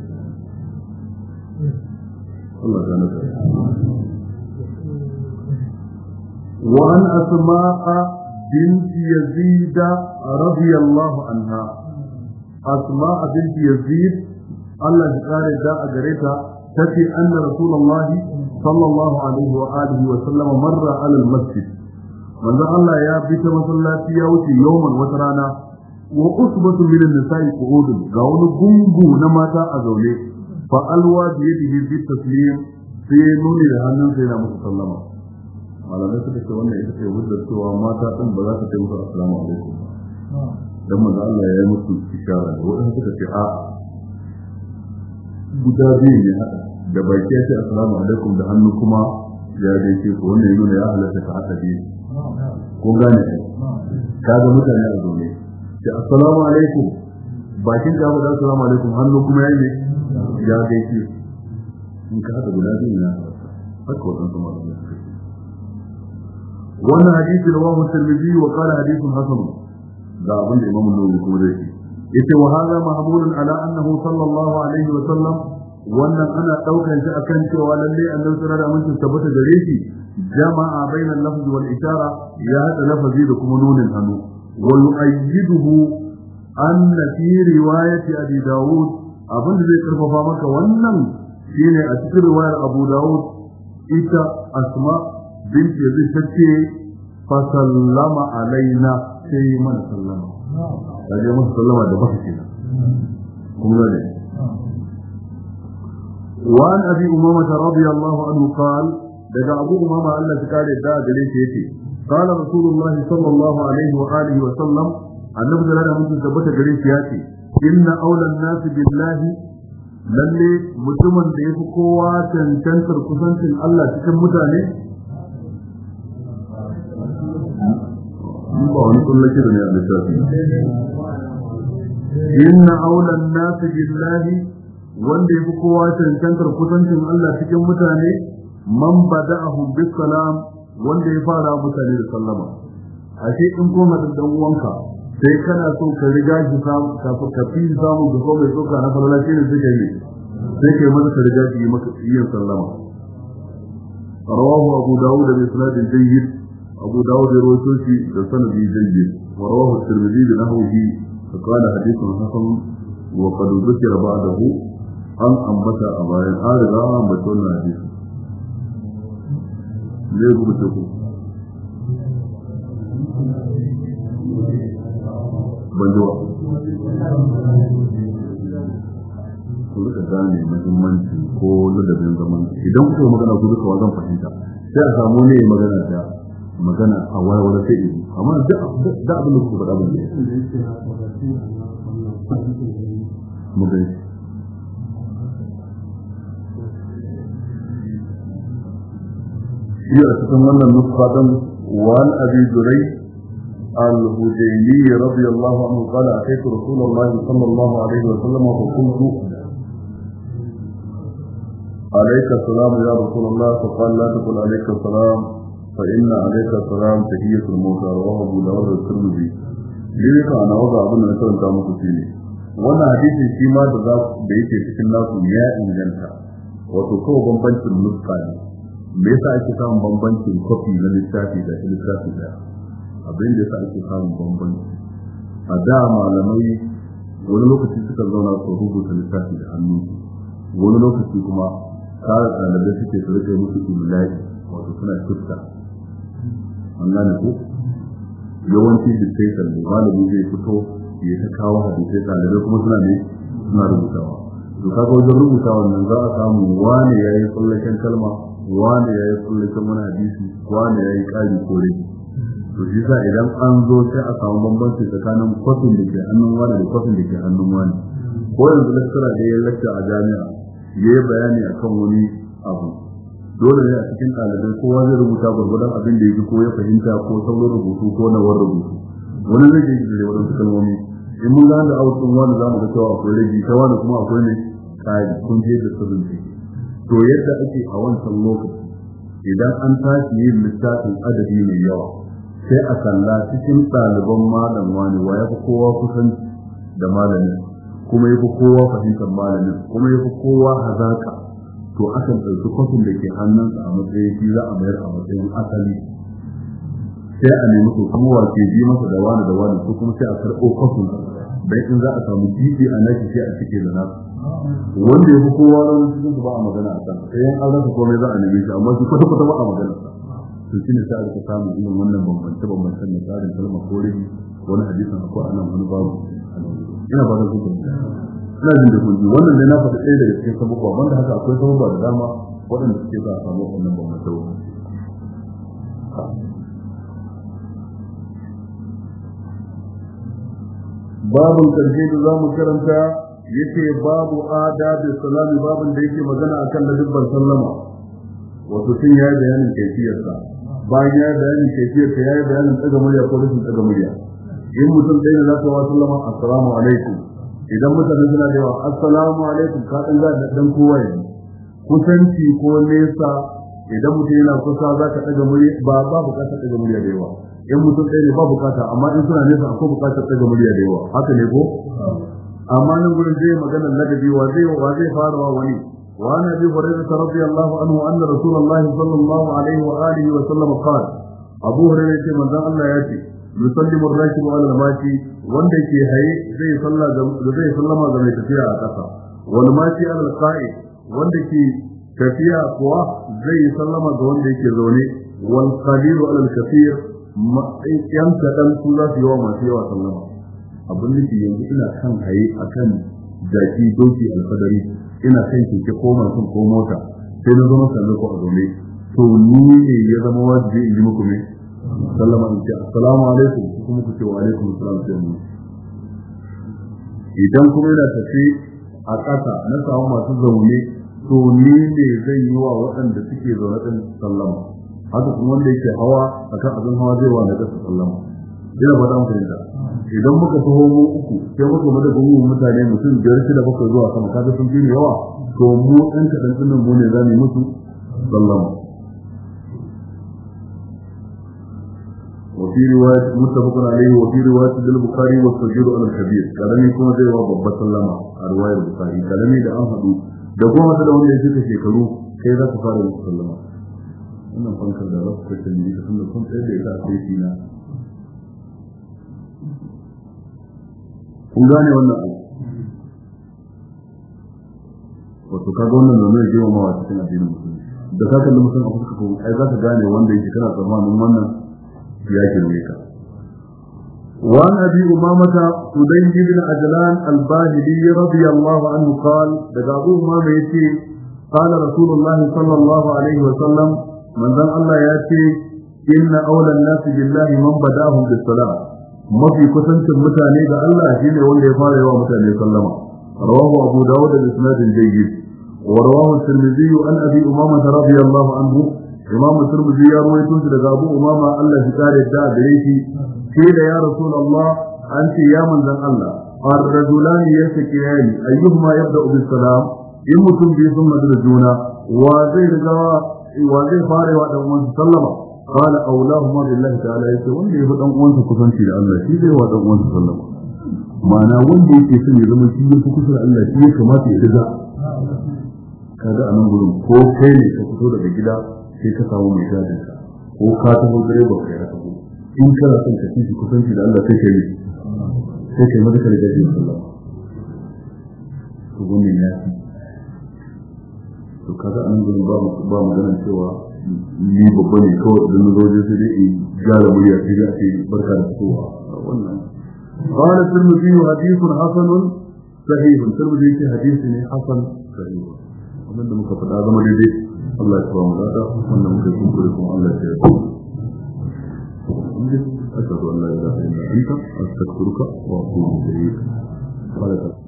[SPEAKER 2] Allah ya nuna
[SPEAKER 1] وعن أسماء بنت يزيد رضي الله عنها أسماء بنت يزيد الله تعالى جاء جريتها تتي أن رسول الله صلى الله عليه وآله وسلم مر على المسجد من الله يا بيت مسلاتي يوتي يوما وترانا وأصبة من النساء قعود غون قنقو نماتا أزولي فألوى بيده بالتسليم في نور هنم سينا مسلمة malamai suka ce wannan ita ce hujjar cewa mata din ba za ta ce musu assalamu alaikum dan manzo Allah ya yi musu ishara da wadanda suka ce a guda biyu ne haka da baki ya ce assalamu alaikum da hannu kuma ya ce ko wannan yana ya halatta ta haka biyu ko gane ka ga mutane a zaune ce assalamu alaikum bakin ka da assalamu alaikum hannu kuma ya yi ya gaishe in ka haka guda biyu ne haka haka wadansu malamai wannan hadisi rawahu tirmidhi wa qala hadithun hasan da abin da imamu nawawi kuma zai yace wa hadha mahmulun ala annahu sallallahu alaihi wa sallam wannan ana daukan shi akan cewa lalle annabi sallallahu alaihi wasallam tabbata gare shi jama'a bainal lafzi wal ishara ya hada lafazi da kuma nunin hannu wal ayyiduhu anna fi riwayati abi daud abin da zai karfafa maka wannan shine a cikin riwayar abu daud ita asma' بنت يزيد تتي فسلم علينا sai yi mana sallama ta je masa sallama da baka ke kuma da وعن أبي أمامة رضي الله عنه قال لدى أبو أمامة ألا تكالي الداء دليل يتي قال رسول الله صلى الله عليه وآله وسلم أن نبدأ لنا من تثبت دليل ياتي إن أولى الناس بالله للي متمن ليفقوا تنتنتر كسنس الله تكمتاني
[SPEAKER 2] ba wani ne a inna
[SPEAKER 1] aulan nasu billahi wanda ya fi kowa cancantar kusancin Allah cikin mutane man bada'ahum bis salam wanda ya fara mutane da sallama ashe in koma da dan uwanka sai kana so ka riga shi samu ka fi samu da so mai soka na falala shi ne suka yi sai kai masa ka riga shi maka yin sallama rawahu abu dawud bi sanadin jayyid أبو داود رويتوشي لسنة جيد ورواه الترمذي بنحوه فقال حديث حسن وقد ذكر بعده أن أنبت أبايا قال لا أنبتنا حديث ليه بتقول banjuwa ku rika gane muhimmanci ko ladabin zaman idan kuka magana ku duka wa zan fahimta sai a samu ne magana ta magana a walwala sai yi amma da abin da kuka faɗa ba ne magana shi a cikin wannan nufa ɗin wa'an durai الهجيني رضي الله عنه قال أتيت رسول الله صلى الله عليه وسلم فقلت عليك السلام يا رسول الله فقال لا تقل عليك السلام فإن عليك السلام تهية الموتى رواه أبو داود الترمذي لذلك أنا وضع أبو نسر أنت مكتيني وأنا حديث فيما تذاك بيت cikin nasu ya inganta wato kawai bambancin nuska ne me yasa ake samun bambancin kofi na littafi da littafi da abin da yasa ake samun bambanci a da malamai wani lokaci suka zauna su rubuta littafi da hannu wani lokaci kuma kare ɗalibai suke su rike musu imlai wato suna kifta an gane ko yawanci da sai da galibi zai fito ya ta kawo hadisai ɗalibai kuma suna ne suna rubutawa to kaga wajen rubuta wannan za a samu wane ya yi tsallaken kalma wane ya yi tsallaken wani hadisi wane ya yi ƙari ko rai to shi sa idan an zo sai a samu bambanci tsakanin kwafin da ke hannun wani da kwafin da ke hannun wani ko yanzu lakcara da ya lakta a jami'a ya yi bayani akan wani abu dole ne a cikin ɗalibai kowa zai rubuta gwargwadon abin da ya ji ko ya fahimta ko sauran rubutu ko wani rubutu wani zai je da wadansu kalmomi in mun gane da wasu wani za mu ga cewa akwai rage ta wani kuma akwai ne tsari kun je da sabon to yadda ake a wancan lokaci idan an tashi yin littafin adadi mai yawa sai a kalla cikin ɗaliban malam wani wa ya fi kowa kusan da malamin kuma ya fi kowa fahimtar malamin kuma ya fi kowa hazaka to akan ɗauki kwafin da ke hannunsa a matsayin shi za a mayar a matsayin asali sai a nemi ko kuma wace bi masa da wani da wani ko kuma sai a karɓo kwafin bai in za a samu titi a nashi sai a cike da
[SPEAKER 2] nasu wanda ya fi kowa ran
[SPEAKER 1] cikin su ba a magana a kan sai aure ta komai za a nemi shi amma shi kwata kwata ba a magana to shine sai aka samu irin wannan bambance bambance na tsarin kalmar kore wani hadisin akwai anan wani babu ina ba da kuma na da hujji wannan da na faɗa ɗaya daga cikin sabuwa wanda haka akwai sabuwa da dama waɗanda suke sa a samu wannan babban sabuwa babun karshe da za mu karanta yake babu adabi salami babun da yake magana a kan ladibban sallama wato sun ya bayanin kaifiyarsa bayan ya bayanin kaifiyarsa ya yi bayanin tsaga murya ko rashin tsaga murya in mutum ɗaya da za ta wa sallama assalamu alaikum idan mutane suna da yawa assalamu alaikum ka dan za a dan kowa ya kusanci ko nesa idan mutum yana kusa za ka daga murya ba ba bukata daga murya da yawa in mutum ɗaya ne ba bukata amma in suna nesa akwai bukatar daga murya da yawa haka ne ko amma nan gurin zai magana gabi wa zai wa zai fara wa wani wa ana bi hurairah radiyallahu anhu anna rasulullahi sallallahu alaihi wa alihi wa sallam qala abu hurairah ce manzon Allah ya ce yusallimu ar-rakib 'ala al-mashi wanda ke haye zai salla zai sallama ga mai tafiya a kasa wal mashi 'ala al-qa'id wanda ke tafiya kuwa zai sallama ga wanda yake zaune wal qadiru 'ala al-kathir yan kaɗan su za su yi wa masu yawa sallama abin da yanzu ina kan haye akan jaki doki alfadari ina kan keke ko mashin ko mota sai na zama sallu ko a zaune to ni ne ya zama wajibi in yi muku ne sallama in ce assalamu alaikum kuma ku ce wa alaikum assalam sai mu idan kuma yana tafi a ƙasa na samu masu zaune to ni ne zan yi wa waɗanda suke zaune ɗin sallama haka kuma wanda yake hawa akan abin hawa zai wa na ƙasa sallama yana ba dan fahimta idan muka taho mu uku sai muka mada gungun mutane mutum biyar shida bakwai zuwa sama kaga sun fi yawa to mu ɗan kaɗan ɗin mu ne za mu yi musu sallama وفي رواية متفق عليه وفي رواية للبخاري والسجير على الكبير كلامي كما زي وبابا سلمة رواية البخاري كلامي ده أنها دو ده كما هذا لو يجب تشيكرو كي ذا تفاري وسلم أنا فانك ده رب كتنجي كتنجي كنت إيه إيه تأخيتنا كنغاني ولا أو wato kaga wannan nuna ya girma mawa cikin addinin musulmi da ka kalli musulmi a fuska ko ai za ka gane wanda yake kana tsammanin wannan ya girme وعن أبي أمامة سديد بن عجلان الباهلي رضي الله عنه قال دقابو أمامة يتي قال رسول الله صلى الله عليه وسلم من ذا الله يأتي إن أولى الناس بالله من بداهم بالصلاة ما في كسنة متاني دا الله جيني ولي فاري ومتاني سلم رواه أبو داود بإسناد جيد ورواه الترمذي عن أبي أمامة رضي الله عنه imamu turmuzi ya rawaito shi daga abu umama Allah shi kare da gare shi sai da ya rasulullah an ce ya manzon Allah ar-rajulan yasqiyani ayyuhuma yabda'u bis-salam in mutum bi sun madu da juna wa zai riga wa zai fara wa dan uwansa sallama qala awlahuma billahi ta'ala yace wanda ya fi dan uwansa kusanci da Allah shi zai wa dan uwansa sallama ma'ana wanda yake son ya zama shi ya fi kusa da Allah shi ya kamata ya riga kaga a nan gurin ko kai ne ka fito daga gida sai ka samu mai gadin ka ko ka taho direba ka ya taho in kana son ka kusanci da Allah sai ka yi sai ka yi maka da gadin sallah to wannan ya fi to kaga an gurin ba mu ba mu cewa ni babba ne kawai da na zoje dai in gyara murya sai da ake barka da fitowa wannan قال الترمذي حديث حسن صحيح الترمذي حديث حسن صحيح ومن لم يكن هذا Allah ya kawo lada wanda muka yi kuma kuma Allah ya yi
[SPEAKER 2] inda aka zo Allah ya zafi da anta a tsakkurka wa kuma da yi